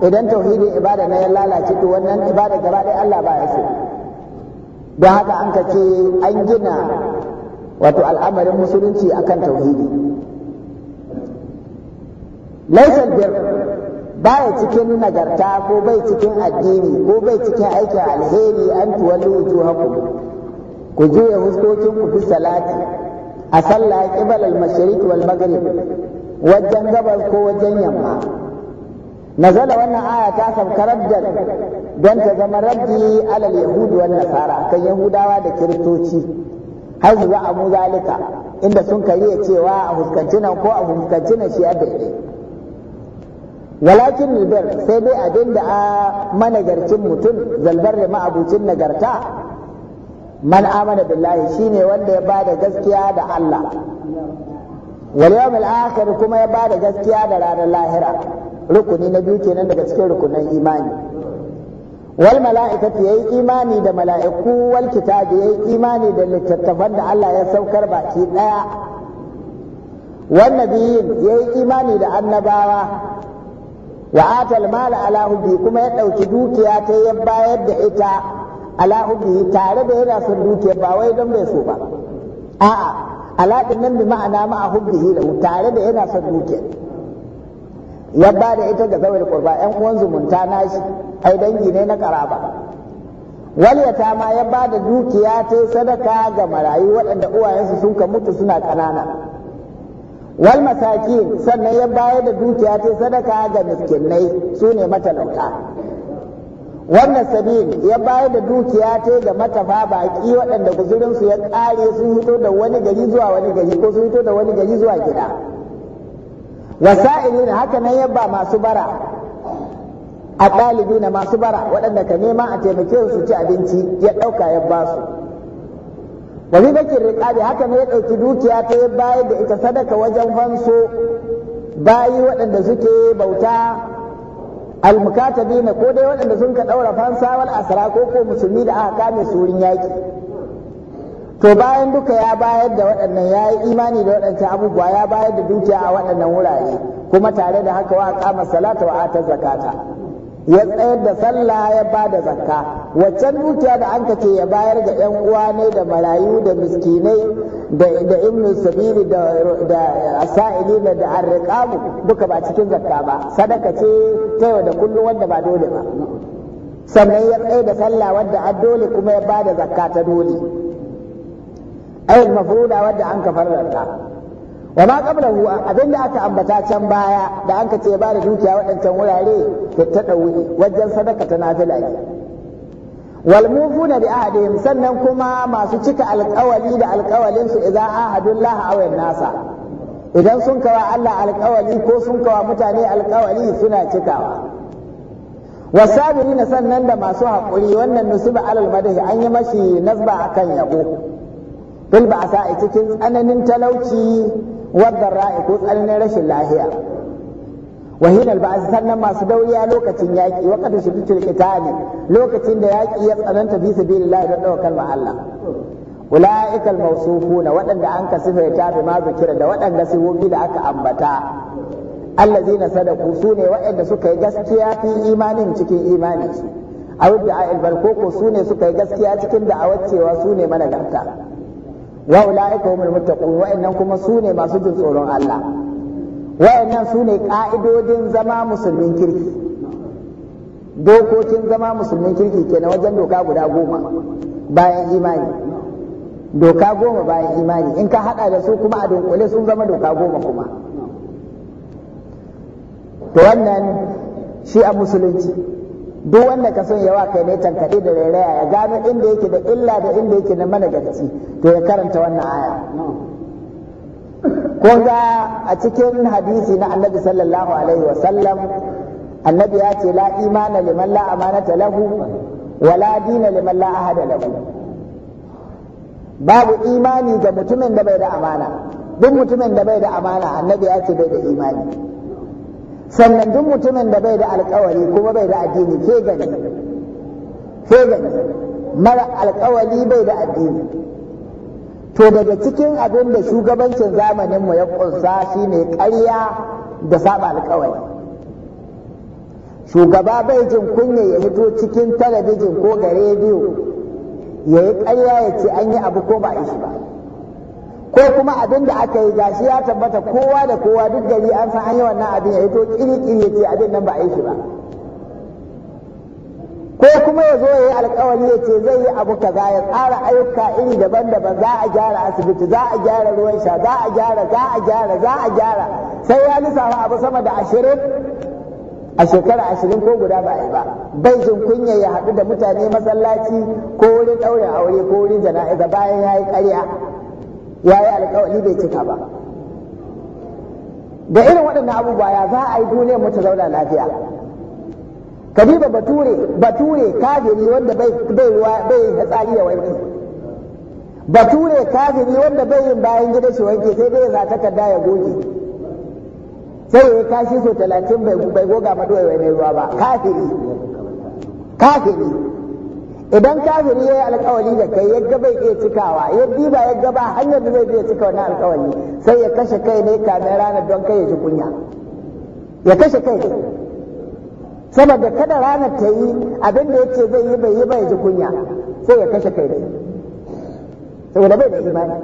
S1: idan tauhidin ibada na ya lalace to wannan ibada gaba ɗaya Allah ba ya so don haka an ka ce an gina wato al'amarin musulunci akan tauhidi laisal bir baya cikin nagarta ko bai cikin addini ko bai cikin aikin alheri an tuwallu wujuhakum ku juya huskokin ku fi salati a sallah qibal al mashriq wal maghrib wajen gabas ko wajen yamma nazala wannan aya ta sauka da don ta zama rabbi alal yahud nasara kan yahudawa da kiristoci har zuwa abu zalika inda sun kariya cewa a huskanci nan ko a huskanci nan shi a daidai walakin nibir sai dai abin da a managarcin mutum zalbar da ma'abucin nagarta man amana billahi shine wanda ya bada gaskiya da Allah wal al akhir kuma ya bada gaskiya da ranar lahira rukuni na biyu kenan daga cikin rukunan imani wal mala'ikati yayi imani da mala'iku wal kitabi yayi imani da littattafan da Allah ya saukar baki daya wannan biyin yayi imani da annabawa wa atal mal ala hubbi kuma ya dauki dukiya ta ya bayar da ita ala hubbi tare da yana son dukiya ba wai don bai so ba a'a ala din nan bi ma'ana ma hubbi da tare da yana son dukiya ya ba da ita ga zawar kurba yan uwan zumunta nashi ai dangi ne na karaba wal yatama ya ba da dukiya ta sadaka ga marayu waɗanda uwayensu sun ka mutu suna ƙanana wal masakin sannan ya bayar da dukiya ta sadaka ga miskinai su ne matalauta wannan sabin ya bayar da dukiya ta ga matafa baki waɗanda guzurinsu ya ƙare sun hito da wani gari zuwa wani gari ko sun hito da wani gari zuwa gida wasa'ilin haka nan yabba masu bara a ɗalibi na masu bara waɗanda ka nema a taimake su ci abinci ya ɗauka ya ba su wa bakin riƙabi haka ne ya ɗauki dukiya ta ya bayar da ita sadaka wajen fanso bayi waɗanda suke bauta almukatabi ne ko dai waɗanda sun ka ɗaura fansa wal asara ko ko musulmi da aka kame surin yaki to bayan duka ya bayar da waɗannan ya yi imani da waɗancan abubuwa ya bayar da dukiya a waɗannan wurare kuma tare da haka wa kama salata wa ata zakata ya tsayar da sallah ya ba da zakka waccan dukiya da anka ce ya bayar ga yan uwa ne da marayu da miskinai da da ibnu sabili da da asa'ili da arqamu duka ba cikin zakka ba sadaka ce ta yau da kullu wanda ba dole ba sannan ya tsayar da sallah wanda a dole kuma ya ba da zakka ta dole ayyul mafruda wadda an ka farrata. da ma qablahu abin da aka ambata can baya da an ka ce ba da dukiya waɗancan wurare da ta ɗauki wajen sadaka ta nafila ne wal mufuna bi ahadihim sannan kuma masu cika alƙawali da alƙawalin su idan ahadullah aw nasa idan sun kawa Allah alƙawali ko sun kawa mutane alƙawali suna cikawa wasabirina sannan da masu haƙuri wannan nusiba alal madahi an yi mashi nasba akan yabo bil ba'sa cikin tsananin talauci wadda ra'i ko tsananin rashin lahiya wahin alba'az sannan masu dauriya lokacin yaƙi wa qad shibitul qitali lokacin da yaƙi ya tsananta fi sabilillah don daukar ma Allah ulaika almawsufuna waɗanda an kasifaita bi ma kira da waɗanda siwobi da aka ambata Allah Zina sadaku sune waɗanda suka yi gaskiya fi imanin cikin imani. su da wadda a ko sune suka yi gaskiya cikin da'awar cewa sune managarta wa ula'ika humul muttaqun innan kuma sune masu jin tsoron Allah wa su ne ka'idodin zama musulmin kirki dokokin zama musulmin kirki kenan wajen doka guda goma bayan imani doka goma bayan imani in ka hada da su kuma a dunkule sun zama doka goma kuma to wannan shi a musulunci duk wanda ka son yawa kai ne tankaɗe da rairaya ya gano inda yake da illa da inda yake na gaci to ya karanta wannan aya ko ga a cikin hadisi na annabi sallallahu alaihi wa sallam annabi ya ce la imana liman la amanata lahu wa la dina liman la ahada lahu babu imani ga mutumin da bai da amana duk mutumin da bai da amana annabi ya ce bai da imani sannan duk mutumin da bai da alkawari kuma bai da addini ke gani ke gani mara alkawari bai da addini to daga cikin abin da shugabancin zamanin mu ya kunsa shine ƙarya da saba alkawari shugaba bai jin kunya ya hito cikin talabijin ko ga rediyo ya yi ƙarya ya ce an yi abu ko ba a yi shi ba ko kuma abin da aka yi gashi ya tabbata kowa da kowa duk gari an san an yi wannan abin ya to kiri-kiri ya ce abin nan ba a ba ko kuma ya zo ya yi alkawari ya ce zai yi abu kaza ya tsara ayyuka iri daban-daban za a gyara asibiti za a gyara ruwan sha za a gyara za a gyara za a gyara sai ya lissafa abu sama da ashirin a shekara ashirin ko guda ba a yi ba bai jin kunya ya haɗu da mutane masallaci ko wurin ɗaurin aure ko wurin jana'iza bayan ya yi ƙarya ya yi alƙawari bai cika ba da irin waɗannan abubuwa ya za a yi duniyar mu ta zauna lafiya kadiba bature bature kafiri wanda bai bai bai hatsari ya wanke bature kafiri wanda bai yin bayan gida shi wanke sai dai ya za takarda ya goge sai ya kashi so talatin bai goga madoya wani ruwa ba kafiri kafiri idan kafiri ya yi alkawali da kai ya bai iya cikawa ya diba ya gaba hanyar da zai iya cika wannan alkawali sai ya kashe kai ne kamin ranar don kai ya ji kunya ya kashe kai saboda kada ranar ta yi abin da ya ce zai yi bai yi ba ya ji kunya sai ya kashe kai ne saboda bai da imani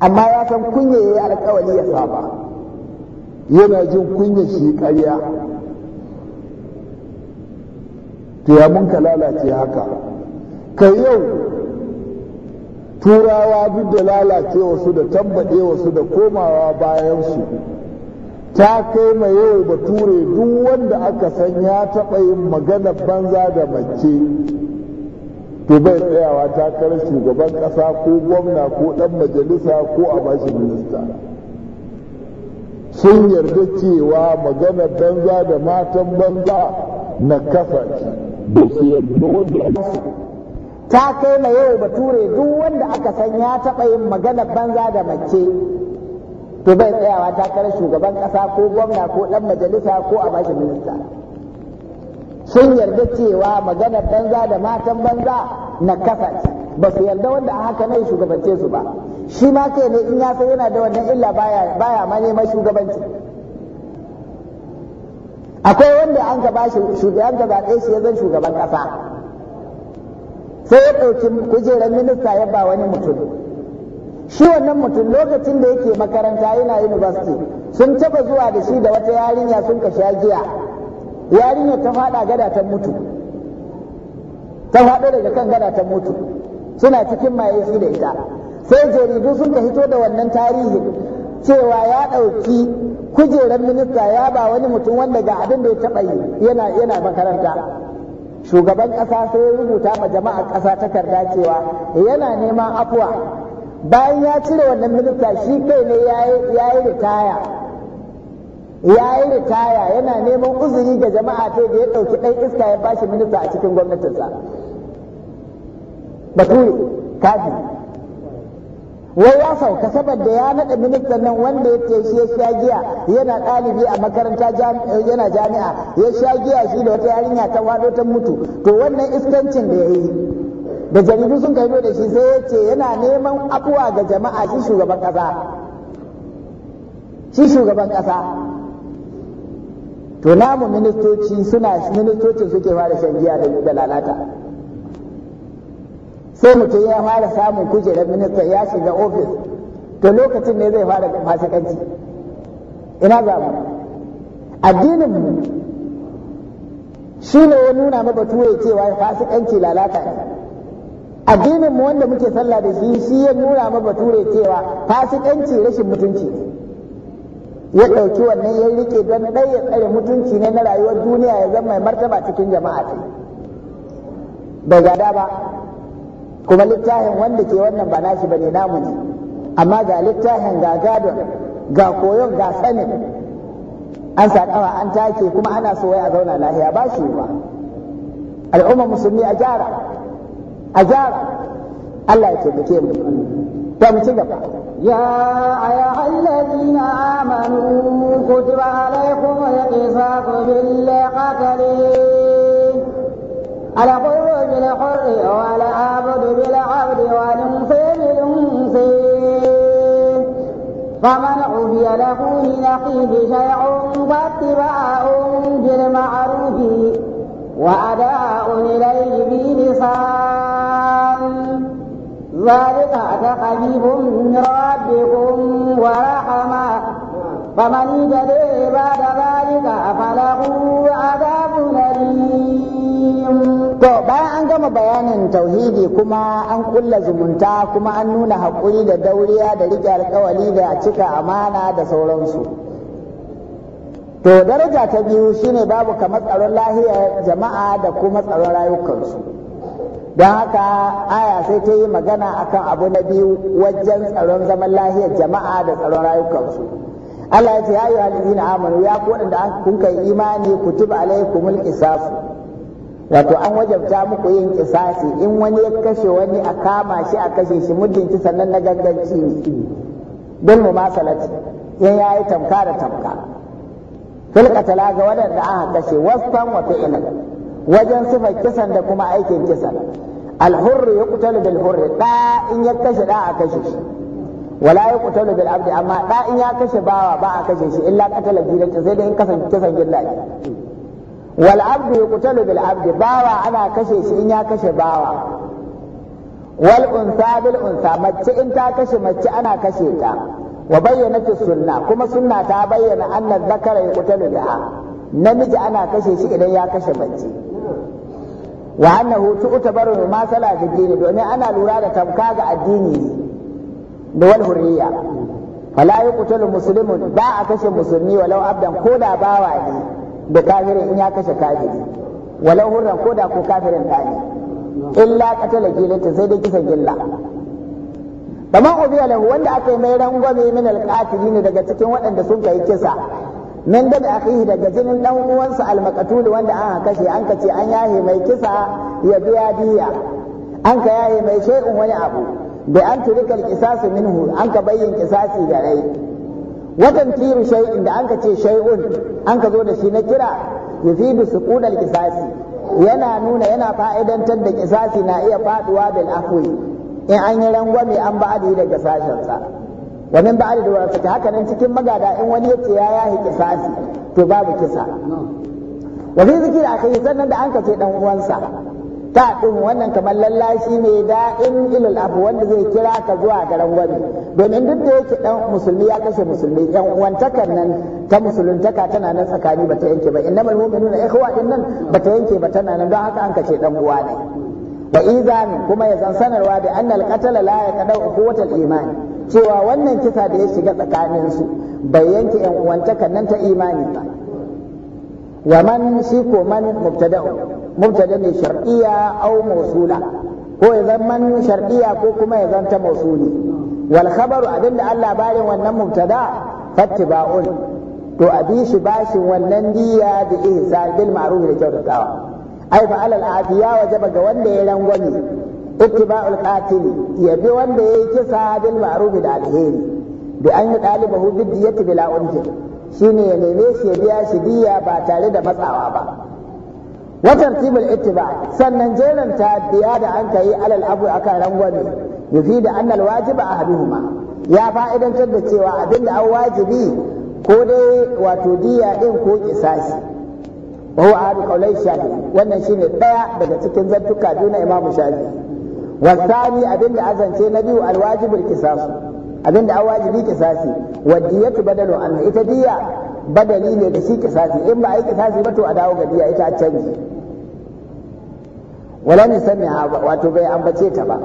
S1: amma ya san kunya ya yi alkawali ya saba yana jin kunya shi karya to ya mun ka lalace haka kai yau turawa duk da lalace wasu da tambaɗe wasu da komawa bayansu ta kai ma yau bature duk wanda aka san ya taɓa yin magana banza da mace to bai tsayawa takarar shugaban ƙasa ko gwamna ko ɗan majalisa ko a bashi minista sun yarda cewa maganar banza da matan banza na kafa ta kai ma yau bature duk wanda aka san ya taɓa yin magana banza da mace to bai tsayawa ta takarar shugaban ƙasa ko gwamna ko ɗan majalisa ko a bashi minista sun yarda cewa magana banza da matan banza na kasa ce ba su yarda wanda haka nai shugabance su ba shi ma kai ne in ya san yana da wannan illa baya baya ma neman shugabanci akwai wanda an ka ba shugaban ka zaɓe shi ya zan shugaban ƙasa sai ya ɗauki kujerar minista ya ba wani mutum shi wannan mutum lokacin da yake makaranta yana university sun taɓa zuwa da shi da wata yarinya sun ka sha giya yarinyar ta faɗa gada ta mutu ta faɗo daga kan gada ta mutu suna cikin maye shi da ita sai jaridu sun ka hito da wannan tarihi cewa ya ɗauki kujerar minista ya ba wani mutum wanda ga abin da ya taɓa yi yana yana makaranta shugaban ƙasa sai ya rubuta ma jama'a ƙasa takarda cewa yana neman afuwa bayan ya cire wannan minista shi kai ne ya yi ritaya ya yi ritaya yana neman uzuri ga jama'a ta da ya ɗauki ɗan iska ya bashi minista a cikin gwamnatinsa bature kafin wai ya sauka saboda ya naɗa ministan nan wanda ya ce shi ya sha giya yana ɗalibi a makaranta eh, yana jami'a ya sha giya shi da wata yarinya ta wado ta mutu to wannan iskancin da ya yi da jaridu sun kai da shi sai ya ce yana neman abuwa ga jama'a shi shugaban ƙasa shi shugaban ƙasa to namu ministoci suna ministocin suke fara shan giya da lalata sai mutum ya fara samun kujerar minista ya shiga ofis to lokacin ne zai fara fasikanci ina za mu addinin mu shi ne ya nuna ma bature cewa fasikanci lalata ne addinin mu wanda muke sallah da shi shi ya nuna ma bature cewa fasikanci rashin mutunci ya ɗauki wannan ya rike don ɗaya ya tsare mutunci ne na rayuwar duniya ya zama mai martaba cikin jama'a ce bai gada ba kuma littafin wanda ke wannan ba nashi bane namu ne amma ga littafin ga gadon ga koyon ga sanin an saƙawa an take kuma ana so wai a zauna lahiya ba shi ba al'ummar musulmi a gyara a gyara Allah ya taimake mu ta mu ci gaba
S2: ya aya alladhina amanu kutiba alaykum al-qisasu bil qatl ala بالحر ولا أعبد بالعبد فمن عفي له من أخيه شيء فاتباع بالمعروف وأداء إليه بلسان ذلك تقريب من ربكم ورحمة فمن يجري بعد ذلك فله عذاب أليم
S1: to bayan an gama bayanin tauhidi kuma an kulla zumunta kuma an nuna haƙuri da dauriya da riƙe alƙawali da cika amana da sauransu to daraja ta biyu shine babu kamar tsaron lahiyar jama'a da kuma tsaron rayukansu don haka aya sai ta yi magana akan abu na biyu wajen tsaron zaman lahiyar jama'a da tsaron rayukansu Allah ya ce ya yi amanu ya ku da kun kai imani kutub alaikumul qisasu wato an wajabta muku yin kisasi in wani ya kashe wani a kama shi a kashe shi muddin ki sannan na ganganci ne don mu salati in ya yi tamka da tamka filkatala ga wadanda aka kashe wasan wa fi'ila wajen sifa kisan da kuma aikin kisan alhurri hurr yuqtalu bil hurri da in ya kashe da a kashe shi wala yuqtalu bil abdi amma da in ya kashe bawa ba a kashe shi illa katala jiranta sai dai in kasance kisan gilla wal abdu yuqtalu bil abdi bawa ana kashe shi in ya kashe bawa wal unsa bil mace in ta kashe mace ana kashe ta wa bayyanatu sunna kuma sunna ta bayyana anna zakara yuqtalu biha namiji ana kashe shi idan ya kashe mace wa annahu tu'tabaru ma sala dini domin ana lura da tamka ga addini da wal hurriya fala yuqtalu muslimun ba a kashe musulmi walau abdan ko da bawa ne da kafirin in ya kashe kafiri walau hurran ko da ko kafirin ta ne illa qatala gillata sai dai kisan gilla kama ubiya lahu wanda aka yi mai rangwame min alqatili ne daga cikin waɗanda sun kai kisa min da akhihi daga jinin dan uwansa almaqtul wanda an kashe an kace an yahe mai kisa ya biya diya an ka yahe mai shay'un wani abu da an turika alqisasu minhu an ka bayyin qisasi da rai watan tiru shay'in da ka ce shay'un ka zo da shi na kira yufidu suqudal kisasi yana nuna yana fa'idantar da ƙisasi na iya faɗuwa bil afwi in an yi rangwame an ba'adi daga sashensa sa ba min ba'adi da haka nan cikin magada in wani ce ya yahi kisasi to babu kisa wani fi zikri yi sannan da an ka ce ɗan uwansa ta ɗin wannan kamar lallashi ne in ilil abu wanda zai kira ka zuwa ga rangwame domin duk da yake ɗan musulmi ya kashe musulmi yan uwantakar nan ta musuluntaka tana nan tsakani bata yanke ba innamal na ikhwa din nan bata yanke ba tana nan don haka an kace ɗan uwa ne wa idan kuma ya zan sanarwa da annal alqatala la yaqdau quwwatal iman cewa wannan kisa da ya shiga tsakanin su bai yanke yan uwantakar nan ta imani ba wa man shi ko man mubtada'u mubtada ne shar'iyya au mawsula ko ya zama shar'iyya ko kuma ya zanta mawsuli wal khabaru abinda Allah barin wannan mubtada fattiba'un to abi shi bashin wannan diya da ihsan bil ma'ruf da kyautatawa ai fa alal afiya wajaba ga wanda ya rangwani ittiba'ul qatili ya bi wanda yayi kisa bil ma'ruf da alheri bi an yi dalibahu bidiyati bila unjin shine ya neme shi ya biya shi diya ba tare da matsawa ba wa tartibul ittiba sannan jerin tabiya da an yi alal abu akan rangwame yufi da annal wajiba ahaduhuma ya fa'idantar da cewa abinda an wajibi ko dai wato diya din ko kisasi wa huwa ahadu shafi wannan shine ɗaya daga cikin zantuka biyu na imamu shafi wa thani abinda azance na biyu alwajibul kisasu abinda an wajibi kisasi wa diyatu badalu an ita diya badali ne da shi kisasi in ba a yi kisasi ba to a dawo ga biya ita canji wala ne sani wato bai ambace ta ba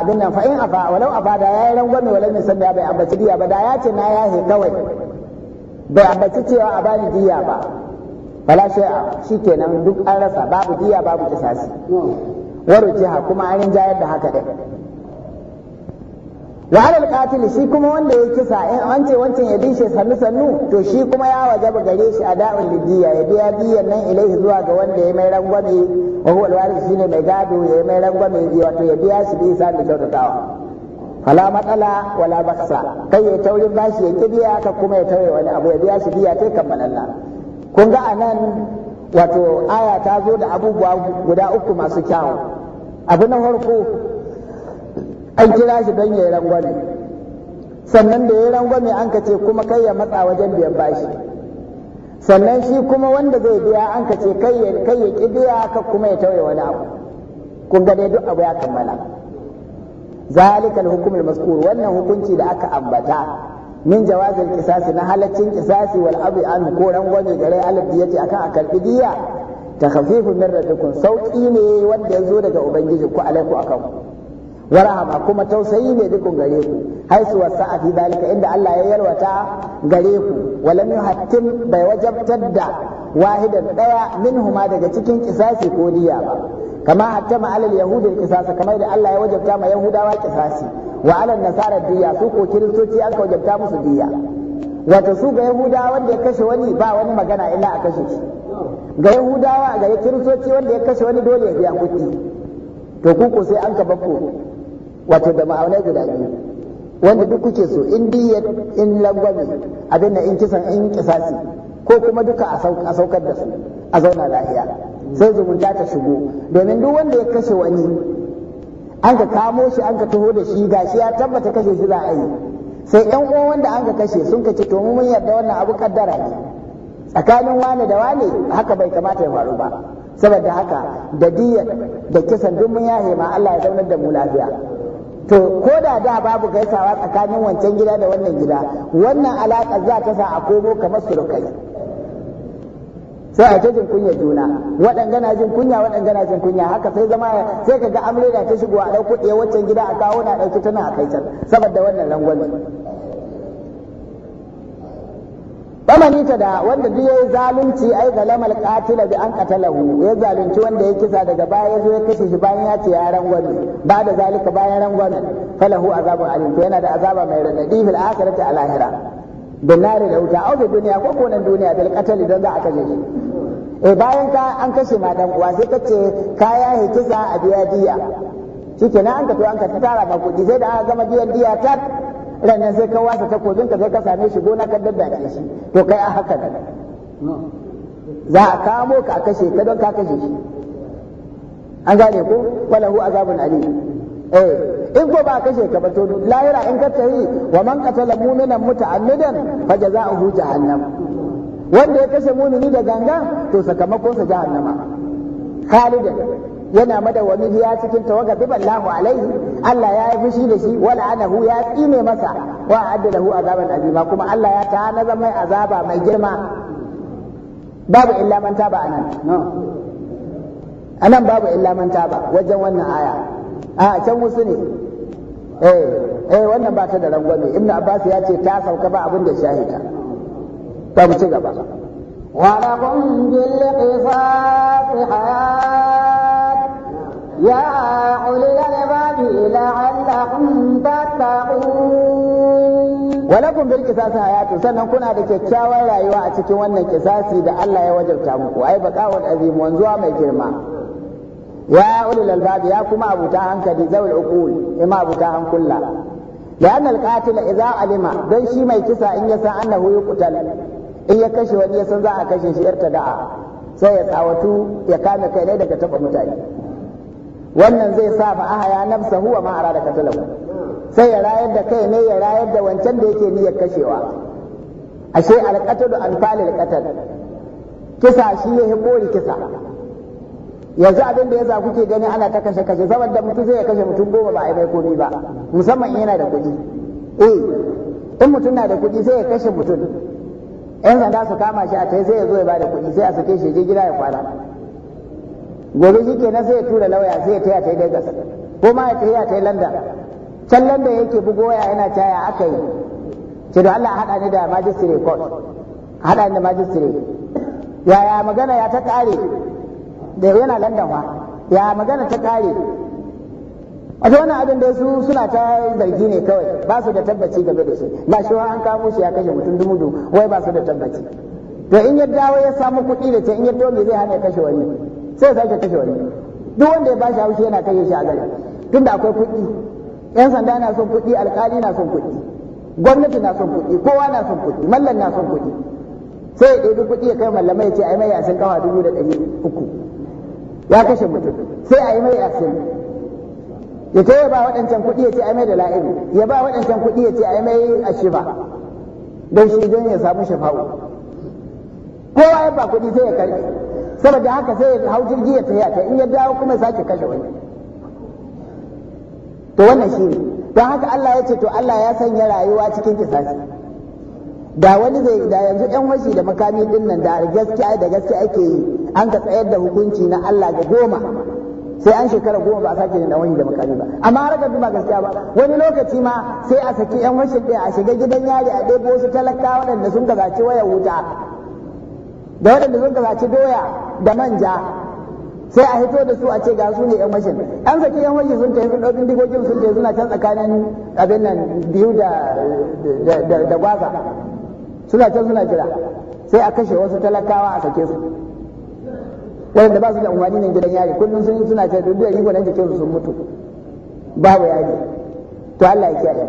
S1: abin nan fa in afa walau afa da yayi rangwame wala ne sani bai ambace diya ba da ya ce na yahe kawai bai ambace cewa a bani diya ba fala kenan duk an rasa babu diya babu kisasi hmm. warujiha kuma an jayar da haka dai wa alal qatil shi kuma wanda ya kisa in an ce wancan ya dishe sannu sannu to shi kuma ya wajaba gare shi a da'un lidiya ya biya biyan nan ilaihi zuwa ga wanda ya mai rangwame wa huwa alwaris shine mai gado ya mai rangwame wato ya biya shi bisa da kyautatawa fala matsala wala baksa kai ya tauri bashi ya kibiya ka kuma ya tauri wani abu ya biya shi biya kai kammalalla kun ga anan wato aya ta zo da abubuwa guda uku masu kyawu abu na farko an kira shi don ya yi rangwame sannan da ya yi rangwame an ce kuma kai ya matsa wajen biyan bashi sannan shi kuma wanda zai biya an ce kai ya ki biya ka kuma ya tauye wani abu kun ga duk abu ya kammala zalikal hukumul maskur wannan hukunci da aka ambata min jawazin kisasi na halaccin kisasi wal abu an ko rangwame rai alif yace akan a karbi diya khafifu min rabbikum sauki ne wanda ya zo daga ubangiji ku alaiku akan ku wa kuma tausayi ne dukun gare ku haisu wasa a fi zalika inda Allah ya yarwata gare ku walam yuhattim bai wajabtar da wahidan daya minhuma daga cikin kisasi ko diya ba kama ma alal yahudin kisasa kamar da Allah ya wajabta ma yahudawa kisasi wa alal nasara diya su ko kiristoci an ka wajabta musu diya wato su ga yahudawa wanda ya kashe wani ba wani magana illa a kashe shi ga yahudawa ga kiristoci wanda ya kashe wani dole ya biya kuɗi to ku ko sai an ka bakko wato da ma'aunai guda biyu wanda duk kuke so in diya in langwami abin da in kisan in kisasi ko kuma duka a saukar da su a zauna lahiya sai zumunta ta shigo domin duk wanda ya kashe wani an ka kamo shi an ka taho da shi gashi ya tabbata kashe shi za a yi sai yan uwan wanda an ka kashe sun ka ce to mun yarda wannan abu kaddara ne tsakanin wani da wani haka bai kamata ya faru ba saboda haka da diyar da kisan duk mun yahe ma Allah ya zaunar da mu lafiya to ko da da babu gaisawa tsakanin wancan gida da wannan gida wannan alaƙa za ta sa a komo kamar su surukai sai a jin kunya juna waɗanga na jin kunya waɗanga na jin kunya haka sai zama sai ka ga amreda ta shigo a ɗauko ɗaya waccan gida a kawo na ɗauki tana a kai can saboda wannan rangwame ta da wanda duk ya zalunci ai zalamal katila bi an qatalahu ya zalunci wanda ya kisa daga baya ya zo ya kashe shi bayan ya ce ya rangwani ba da zalika bayan rangwani falahu azabun alim to yana da azaba mai radadi fil akhirati al akhirah da na da wuta au bi duniya ko ko nan duniya bil qatali dan za a kashe shi eh bayan ka an kashe ma dan uwa sai kace kaya ya kisa a biya diya shikenan an ka to an ka tara ba kudi sai da aka gama biyan diya tat ranar sai ka wasa takobin ka sai ka same shi gona ka daddada shi to kai a haka ne za a kamo ka a kashe ka don ka kashe shi an gane ko walahu azabun ali eh in ko ba kashe ka ba to lahira in ka tahi wa man qatala mu'minan muta'ammidan fa jazaohu jahannam wanda ya kashe mu'mini da ganga to sakamakon sa jahannama khalidan yana madawami biya cikin tawaga bi ballahu alaihi Allah ya yi fushi da shi wala anahu ya tsine masa wa addalahu azaban azima kuma Allah ya ta na zama azaba mai girma babu illa man taba anan anan babu illa man taba wajen wannan aya a can wasu ne eh eh wannan ba ta da rangwame ibnu abbas ya ce ta sauka ba abin da shahida ta mu ci gaba
S2: ولكم بالقصاص حياه يا أولي الألباب لعلكم تتقون
S1: ولكم بالقصاص حياة sannan kuna da kyakkyawar rayuwa a cikin wannan kisasi da Allah ya wajabta muku ai baqawul azim wanzuwa mai girma ya ulul albab ya kuma abuta hankali zawul uqul ima abuta hankulla لأن القاتل إذا علم دون شي mai kisa in ya san annahu yuqtal in ya kashe wani ya san za a kashe shi irtada'a sai ya tsawatu ya kame kai ne daga taɓa mutane wannan zai sa fa ya nafsa huwa ma arada katalahu sai ya rayar da kai ne ya rayar da wancan da yake niyyar kashewa ashe alqatlu anfalil qatl kisa shi ya hibori kisa yanzu abin da yasa kuke gani ana ta kashe kashe saboda mutum zai kashe mutum goma ba a yi mai komai ba musamman yana da kuɗi eh in mutum na da kuɗi sai ya kashe mutum yan sanda su kama shi a tai sai ya zo ya bada kuɗi sai a sake shi je gida ya kwana gobe shi kenan sai ya tura lauya sai ya taya ta Lagos ko ma ya taya ta London can London yake bugo waya yana caya aka yi ce don Allah haɗa ni da magistrate court haɗa ni da majistire. yaya magana ya ta ƙare da yana London wa ya magana ta ƙare a wannan abin da su suna ta zargi ne kawai ba su da tabbaci game da shi ba shi an kamo shi ya kashe mutum dubu wai ba su da tabbaci to in ya dawo ya samu kuɗi da ce in ya dawo me zai hana ya kashe wani sai sake kashe wani duk wanda ya ba shi haushi yana kashe shi a gari tunda akwai kuɗi yan sanda na son kuɗi alƙali na son kuɗi gwamnati na son kuɗi kowa na son kuɗi mallan na son kuɗi sai ya ɗebi kuɗi ya kai mallamai ya ce a yi mai yasin kawa dubu da ɗari uku ya kashe mutum sai a yi mai yasin ya ce ya ba waɗancan kuɗi ya ce a yi mai da la'ibi ya ba waɗancan kuɗi ya ce a yi mai ashiba don shi don ya samu shafa'u kowa ya ba kuɗi sai ya karɓi saboda haka sai ya hau jirgi ya tafi ta in ya dawo kuma sake kashe wani to wannan shi ne don haka Allah ya ce to Allah ya sanya rayuwa cikin kisasi da wani zai da yanzu yan washi da makami din nan da gaskiya da gaskiya ake yi an ka tsayar da hukunci na Allah ga goma sai an shekara goma ba a sake da wani da makami ba amma har bi ba gaskiya ba wani lokaci ma sai a saki yan washin ɗaya a shiga gidan yari a ɗebo wasu talakawa waɗanda sun gazaci waya wuta da waɗanda sun kasaci doya da manja sai a hito da su a ce ga su ne yan mashin an saki yan mashin sun tafi sun ɗaukin digogin sun tafi suna can tsakanin abin nan biyu da da gwaza suna can suna jira sai a kashe wasu talakawa a sake su waɗanda ba su da umarni nan gidan yari kullum sun suna can duk da nan jikinsu sun mutu babu yari to Allah ya kiyaye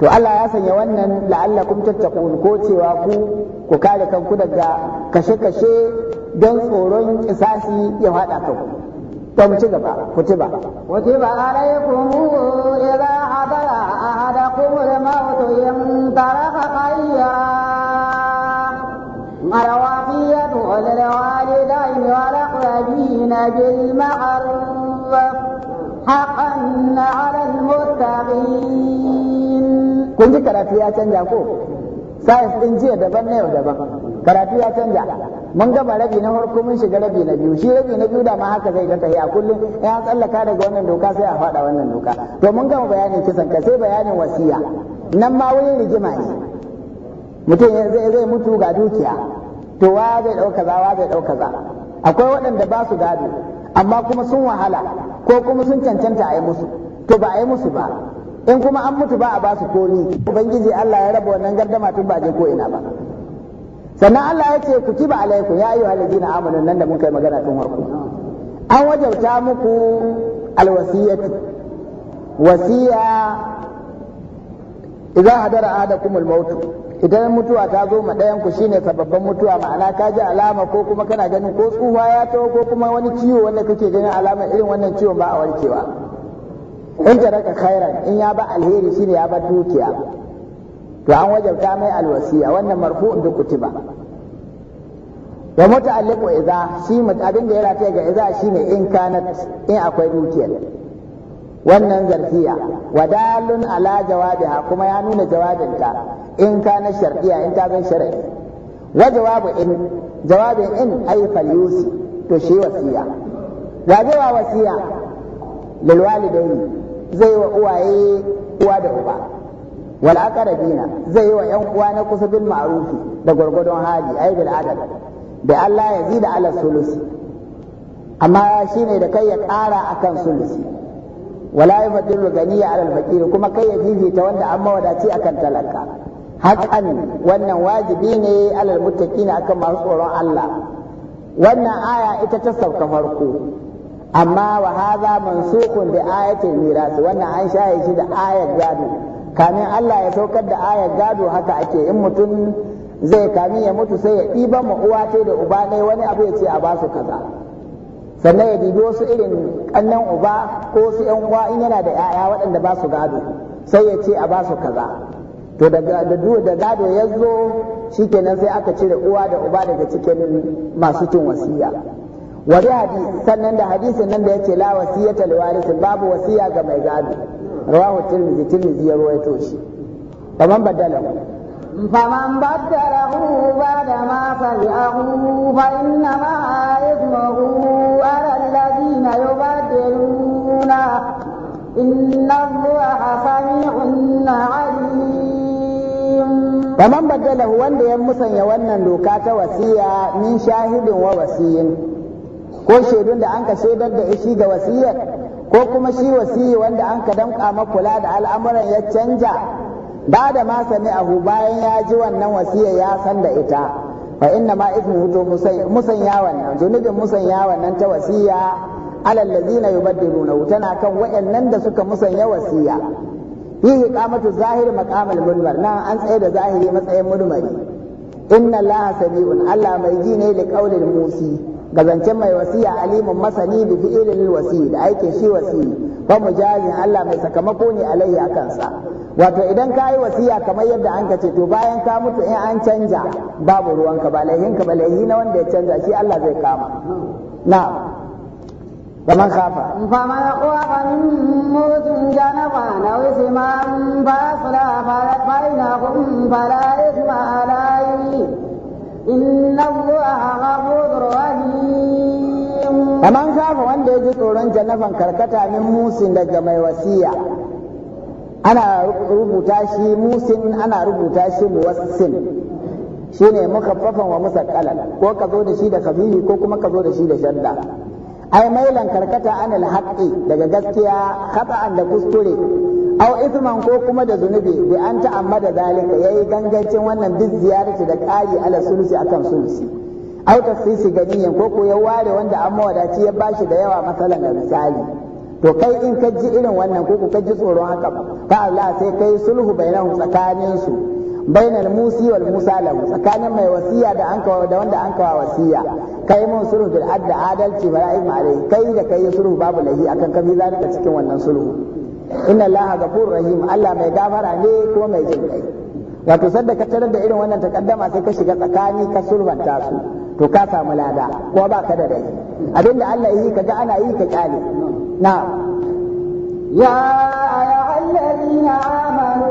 S1: to Allah ya sanya wannan la'allakum tattaqun ko cewa ku ku kare kanku daga kashe-kashe don tsoron isasi ya fada kanku to mu ci gaba ku ci ba kutiba alaykum idza
S2: hadara ahadakum al-maut in taraka khayra marawafiyatu lilwalidayn wal aqrabin bil ma'ruf haqqan 'ala al-muttaqin
S1: kun ji karatu ya canja ko science din jiya daban na yau daban karatu ya canja mun gama rabi na farko mun shiga rabi na biyu shi rabi na biyu da ma haka zai ta a kullum ya tsallaka daga wannan doka sai a faɗa wannan doka to mun gama bayanin kisan ka sai bayanin wasiya nan ma wani rigima ne mutum zai mutu ga dukiya to wa zai ɗauka za wa zai ɗauka za akwai waɗanda ba su gado amma kuma sun wahala ko kuma sun cancanta a yi musu to ba a yi musu ba in kuma an mutu ba a ba su komi ubangiji Allah ya raba wannan gardama tun ba je ko ina ba sannan Allah ya ce ku kiba alaikum ya ayyuhal ladina amanu nan da mun kai magana tun farko an wajabta muku alwasiyati wasiya idan hadara kumul mautu idan mutuwa ta zo ma ɗayan ku shine sababban mutuwa ma'ana ka ji alama ko kuma kana ganin ko tsufa ya taho ko kuma wani ciwo wanda kake ganin alama irin wannan ciwon ba a warkewa in raka khairan in ya ba alheri shine ya ba dukiya to an wajabta mai alwasiya wannan marfu'un bi kutiba wa muta'alliqu idza shi abin da ya rataya ga idza shine in kanat in akwai dukiya wannan zarfiya wa dalun ala jawabiha kuma ya nuna jawabinta in kana shar'iyya in ta zan shar'i wa jawabu in jawabin in ay falyusi to shi wasiya wa jawabu wasiya lil walidaini zai wa uwaye uwa da uba wal aqrabina zai wa yan uwa na kusa bil ma'rufi da gwargwadon hali ai bil adab da Allah ya zida ala sulusi amma shine da kai ya ƙara akan sulusi wala yubdilu ganiya ala al kuma kai ya ta wanda an mawadaci akan talaka haƙan wannan wajibi ne alal muttaqina akan masu tsoron Allah wannan aya ita ta sauka farko amma wa haza mansukun da ayatul miras wannan an shaye shi da ayat gado kamin Allah ya saukar da ayat gado haka ake in mutum zai kami ya mutu sai ya diba ma uwa ce da uba ne wani abu ya ce a ba su kaza sannan ya dibi wasu irin kannan uba ko su yan uwa in yana da yaya waɗanda ba su gado sai ya ce a ba kaza to da da gado ya zo shikenan sai aka cire uwa da uba daga cikin masu cin wasiya wani hadisi sannan da hadisin nan da yace la wasiyata li babu wasiya ga mai gado rawahu tirmidhi tirmidhi ya ruwaito shi faman badala
S2: faman badalahu bada ma fa'ahu fa inna ma yasmahu ala alladhina yubadiluna inna allaha sami'un alim
S1: faman badalahu wanda ya musanya wannan doka ta wasiya min shahidin wa wasiyin ko shaidun da an ka shaidar da shi ga wasiyar ko kuma shi wasiyi wanda an ka danka makula da al'amuran ya canja ba da ma sami abu bayan ya ji wannan wasiyar ya san da ita fa inna ma ismu hutu musanya wannan zunubin musanya wannan ta wasiya alal ladina yubaddiluna tana kan waɗannan da suka musanya wasiya fihi qamatu zahiri maqamal mulmar nan an tsaye da zahiri matsayin mulmari inna allaha sami'un allah mai ji ne da qaulil musi ga mai wasiya alimun masani bi fi'ilil wasi da aikin shi wasi fa mujazin Allah mai sakamako ne alai a kansa wato idan ka yi wasiya kamar yadda an ce to bayan ka mutu in an canja babu ruwanka ba ka ba laihi na wanda ya canja shi Allah zai kama na فمن خاف
S2: فمن la الله غفور Kaman kafa
S1: wanda ya ji tsoron janafan karkata min musin daga mai wasiya ana rubuta shi musin ana rubuta shi muwassin shi ne mukaffafan wa musakkalan ko ka zo da shi da kabili ko kuma ka zo da shi da shadda ai mailan karkata an haqqi daga gaskiya khata'an da kuskure au isman ko kuma da zunubi bi an ta'amma da zalika yayi gangancin wannan bis biziyarci da ƙari ala sulusi akan sulusi au tafsisi ganiyan ko ko ya ware wanda an mawadaci ya bashi da yawa masalan da misali to kai in ka ji irin wannan ko ka ji tsoron haka fa Allah sai kai sulhu bainahum tsakanin su bainal musi wal musa lahu tsakanin mai wasiya da an da wanda an kawo wasiya kai mun sulhu bil adda adalci bara'im alai kai da kai sulhu babu lahi akan kabi zalika cikin wannan sulhu inna allaha ghafur rahim Allah mai gafara ne ko mai jin wato sadda ka tarar da irin wannan takaddama sai ka shiga tsakani ka sulhunta su to ka samu lada ko ba ka da dai. abinda Allah yi kaga ana yi ka kyale na ya ayyuhallazina amanu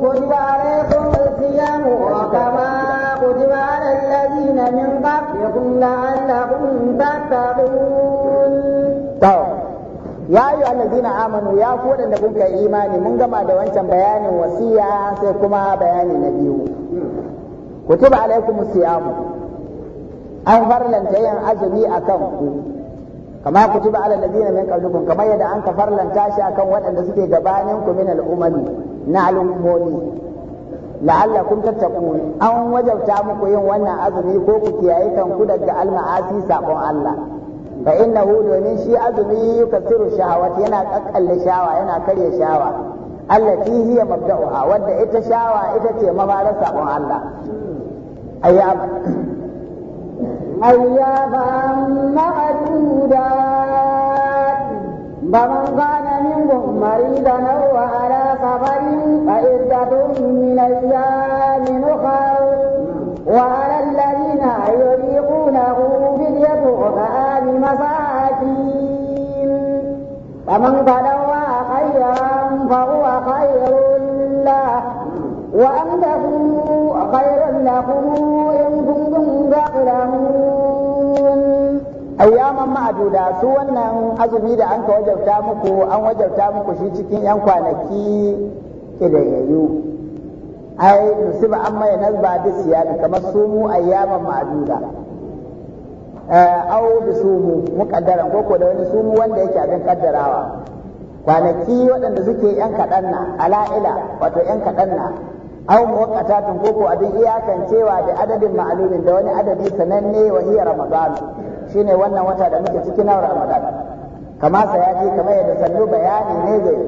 S2: kutiba alaykum as wa kama kutiba alal min qablikum la'allakum tattaqun
S1: to ya ayyuhallazina amanu ya ku wadanda kun kai imani mun gama da wancan bayanin wasiya sai kuma bayani na biyu kutiba alaykum siyamu an farlanta yin azumi akan ku kama ku tuba ala ladina min qablikum kamar yadda an ka farlanta shi akan waɗanda suke gabanin ku min al'umami na al'ummomi la'allakum tattaqun an wajabta muku yin wannan azumi ko ku kiyaye kanku daga alma'asi sakon Allah fa innahu domin shi azumi yukathiru shahawat yana kakkalle shawa yana karya shawa allati hiya mabda'uha wadda ita shawa ita ce mabarar sakon Allah أياما معدودات
S2: فمن كان منكم مريضا أو على سفر فعدة من أيام أخر وعلى الذين يريقونه فدية طعام مساكين فمن تلوى خيرا فهو خير له وأن تكونوا خيرا لكم إن
S1: كنتم تعلمون ayyaman ma'aduda su wannan azumi da an ka wajabta muku an wajabta muku shi cikin yan kwanaki kidayayyu ai nusiba an mai nazba da siyami kamar sumu ayyaman ma'aduda au bi sumu muqaddaran ko ko da wani sumu wanda yake abin kaddarawa kwanaki waɗanda suke yan kaɗanna, na ala'ila wato yan kaɗanna. aw muwaqqatatun ko ko abin iyakancewa da adadin ma'lumin da wani adadi sananne wa hiya ramadan shine wannan wata da muke cikin na ramadan kama sayati kamar yadda sallu bayani ne zai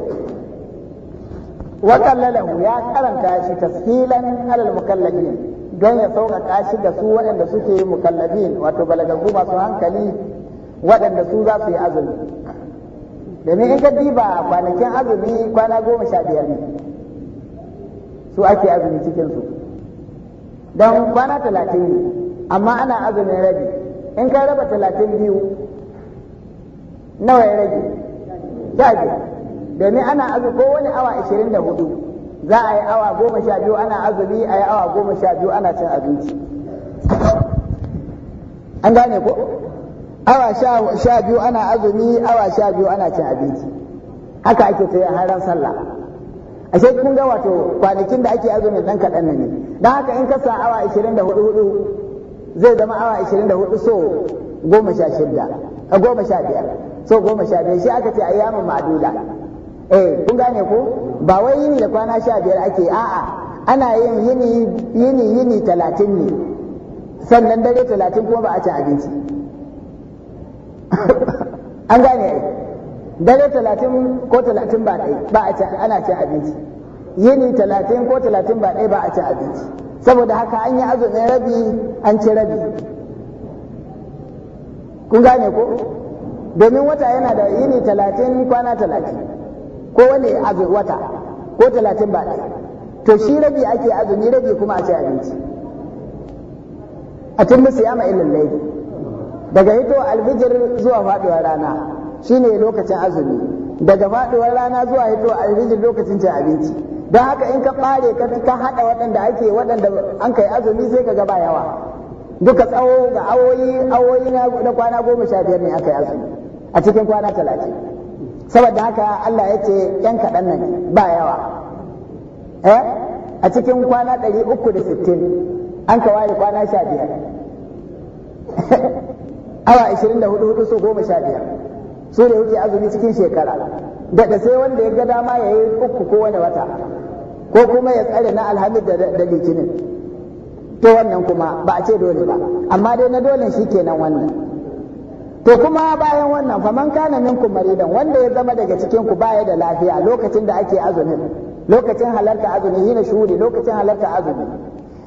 S1: wa kallalahu ya karanta shi tashilan alal mukallafin don ya sauƙaƙa shi ga su waɗanda suke mukallafin wato balagaggu masu hankali waɗanda su za su yi azumi domin in ka diba kwanakin azumi kwana goma sha biyar su ake azumi cikin su dan kwana talatin ne amma ana azumin rabi in ka raba talatin biyu nawa ya rage sha biyar domin ana azumi ko wani awa ashirin da hudu za a yi awa goma sha biyu ana azumi a yi awa goma sha biyu ana cin abinci an gane ko awa sha biyu ana azumi awa sha biyu ana cin abinci haka ake ta yi haran sallah ashe kun ga wato kwanakin da ake azumin dan kaɗan ne dan haka in ka sa awa 24 zai zama awa 24 so 16 a goma sha biyar so goma sha biyar shi aka ce ayyamin ma'aduda eh kun gane ko ba wai yini da kwana sha biyar ake a'a ana yin yini yini yini talatin ne sannan dare talatin kuma ba a ci abinci (laughs) an gane dare talatin ko talatin ba ɗai ba a ana cin abinci yini talatin ko talatin ba ɗai ba a cin abinci saboda haka an yi azumin rabi an ci rabi kun gane ko domin wata yana da yini talatin kwana talatin ko wani azumi wata ko talatin ba ɗai to shi rabi ake azumi rabi kuma a ci abinci a tun musu yama ilin daga hito alfijir zuwa faɗuwar rana shine lokacin azumi daga faduwar rana zuwa hito a rijin lokacin cin abinci don haka in ka bare ka ta hada waɗanda ake waɗanda an kai azumi sai ka gaba yawa duka tsawo ga awoyi awoyi na kwana goma sha biyar ne aka yi azumi a cikin kwana talatin saboda haka Allah ya ce yan kaɗan nan ba yawa eh a cikin kwana ɗari uku da sittin an ka ware kwana sha biyar (laughs) awa ashirin da hudu hudu so goma sha biyar su ne wuce azumi cikin shekara daga sai wanda ya ga dama ya yi uku ko wani wata ko kuma ya tsare na alhamis da litinin to wannan kuma ba a ce dole ba amma dai na dole shi kenan wannan to kuma bayan wannan faman kana minkum maridan wanda ya zama daga cikin ku baya da lafiya lokacin da ake azumin lokacin halarta azumi yana shuhuri lokacin halarta azumi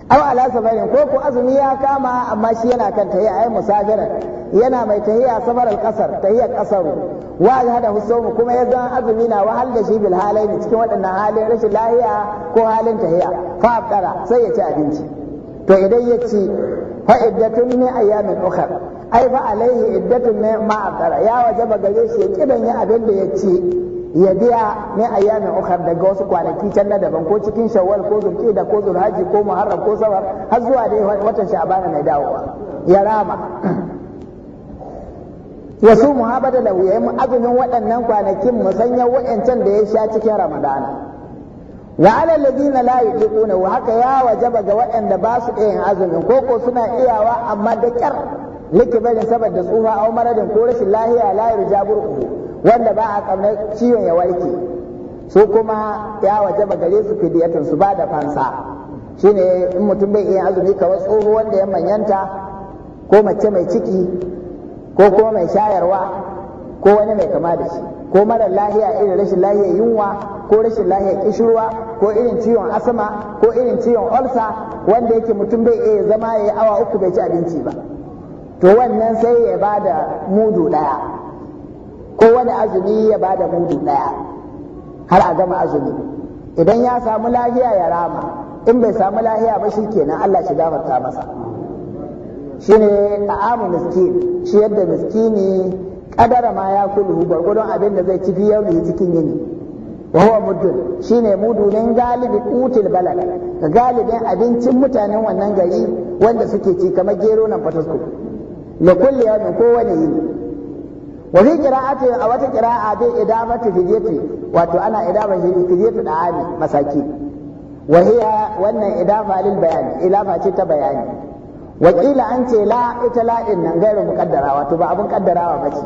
S1: aw ala safarin ko ku azumi ya kama amma shi yana kan tayi ai musafirin yana mai tahiya safarar kasar tahiyar kasaru wa hada husumu kuma ya zan azumi na wahal da shi bil halaini cikin waɗannan halin rashin lahiya ko halin tahiya fa abdara sai ya ci abinci to idan ya ci fa iddatun min ayyamin ukhra ai fa alaihi iddatun min ma abdara ya wajaba gare shi ya kidan ya abin da ya ci ya biya min ayyamin ukhra daga wasu kwanaki can na daban ko cikin shawwal ko da ko zulhajji ko muharram ko safar har zuwa dai watan sha'ban mai dawowa ya rama wasu muhabada da ya mu azumin waɗannan kwanakin musanya wa'ancan da ya sha cikin ramadana wa ala ladina la yuquna wa haka ya wajaba ga waɗanda ba su iya yin azumin ko suna iyawa amma da kyar likibarin saboda tsufa au maradin ko rashin lahiya la yurjaburu wanda ba a kamar ciwon ya warke su kuma ya wajaba gare su fidiyatun su ba da fansa shine in mutum bai iya azumi kawai tsoho wanda ya manyanta ko mace mai ciki ko kuma mai shayarwa ko wani mai kama da shi ko marar lahiya irin rashin lahiya yunwa ko rashin lahiya kishirwa ko irin ciwon asma ko irin ciwon olsa wanda yake mutum bai iya zama ya awa uku bai ci abinci ba to wannan sai ya ba da mudu ɗaya ko wani azumi ya ba da mudu ɗaya har a gama azumi idan ya samu lahiya ya rama in bai samu lahiya ba shi kenan allah shi gafarta masa Shi shine amu miskin shi yadda miskini kadara ma ya kulu gwargwadon abin da zai ci fi da cikin yini wa huwa muddun shine mudunin galibi kutil balad galibin abincin mutanen wannan gari wanda suke ci kamar gero nan fatasko da kulli ne kowane yini wa fi qira'ati a wata qira'a bi idamati fidyati wato ana idama shi da da'ami masaki wa hiya wannan idafa lil bayani ilafa ce ta bayani wakila an ce la ita la'in nan gairin muƙaddara wato ba abin kaddarawa ba ce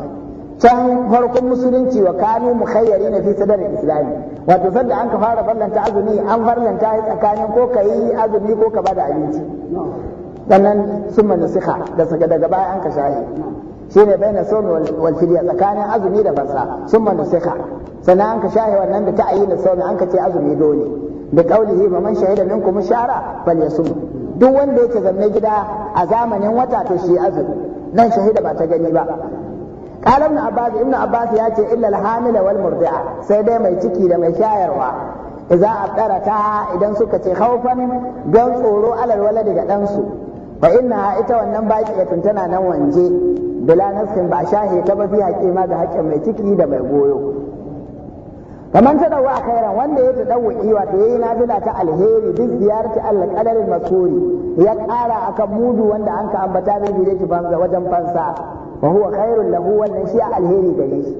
S1: can farkon musulunci wa kanu mukhayyari na fi sadar islami wato sanda an ka fara farlanta azumi an farlanta tsakanin ko ka yi azumi ko ka bada abinci sannan sun nasiha da saka daga baya an ka shahi shi ne bai na somi walfiliya tsakanin azumi da fasa sun nasiha sannan an ka shahi wannan da ta ayi na somi an ka ce azumi dole da kaulihi ba man shahida mu shara fal yasum duk wanda yake zanne gida a zamanin wata ta shi azumi nan shahida ba ta gani ba qala ibn abbas ibn abbas ya ce illa al-hamila wal murdi'a sai dai mai ciki da mai shayarwa idza abdarata idan suka ce khawfan don tsoro alal waladi ga dan su fa inna ita wannan ya tana nan wanje bila nafsin ba shahe ta ba fi haƙe ma ga hakkin mai ciki da mai goyo kamar ta a kairan wanda ya ta dawa iwa ta yayi nafila ta alheri duk ziyarci Allah qadarin masuri ya kara akan mudu wanda an ka ambata mai bire ki banza wajen fansa wa huwa khairul lahu wannan shi alheri gare shi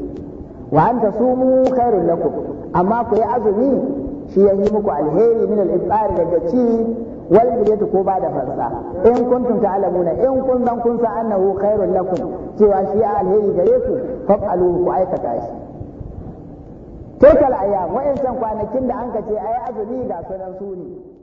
S1: wa anta sumu khairul lakum amma ku yi azumi shi ya yi muku alheri min al-iftar daga ci wal bire ko ba da fansa in kuntum ta'lamuna in kun zan kun sa annahu khairul lakum cewa shi alheri gare ku fa ku aikata shi tilkal ayyam wa'ancan kwanakin da anka ka ce ai azumi ga sunan su ne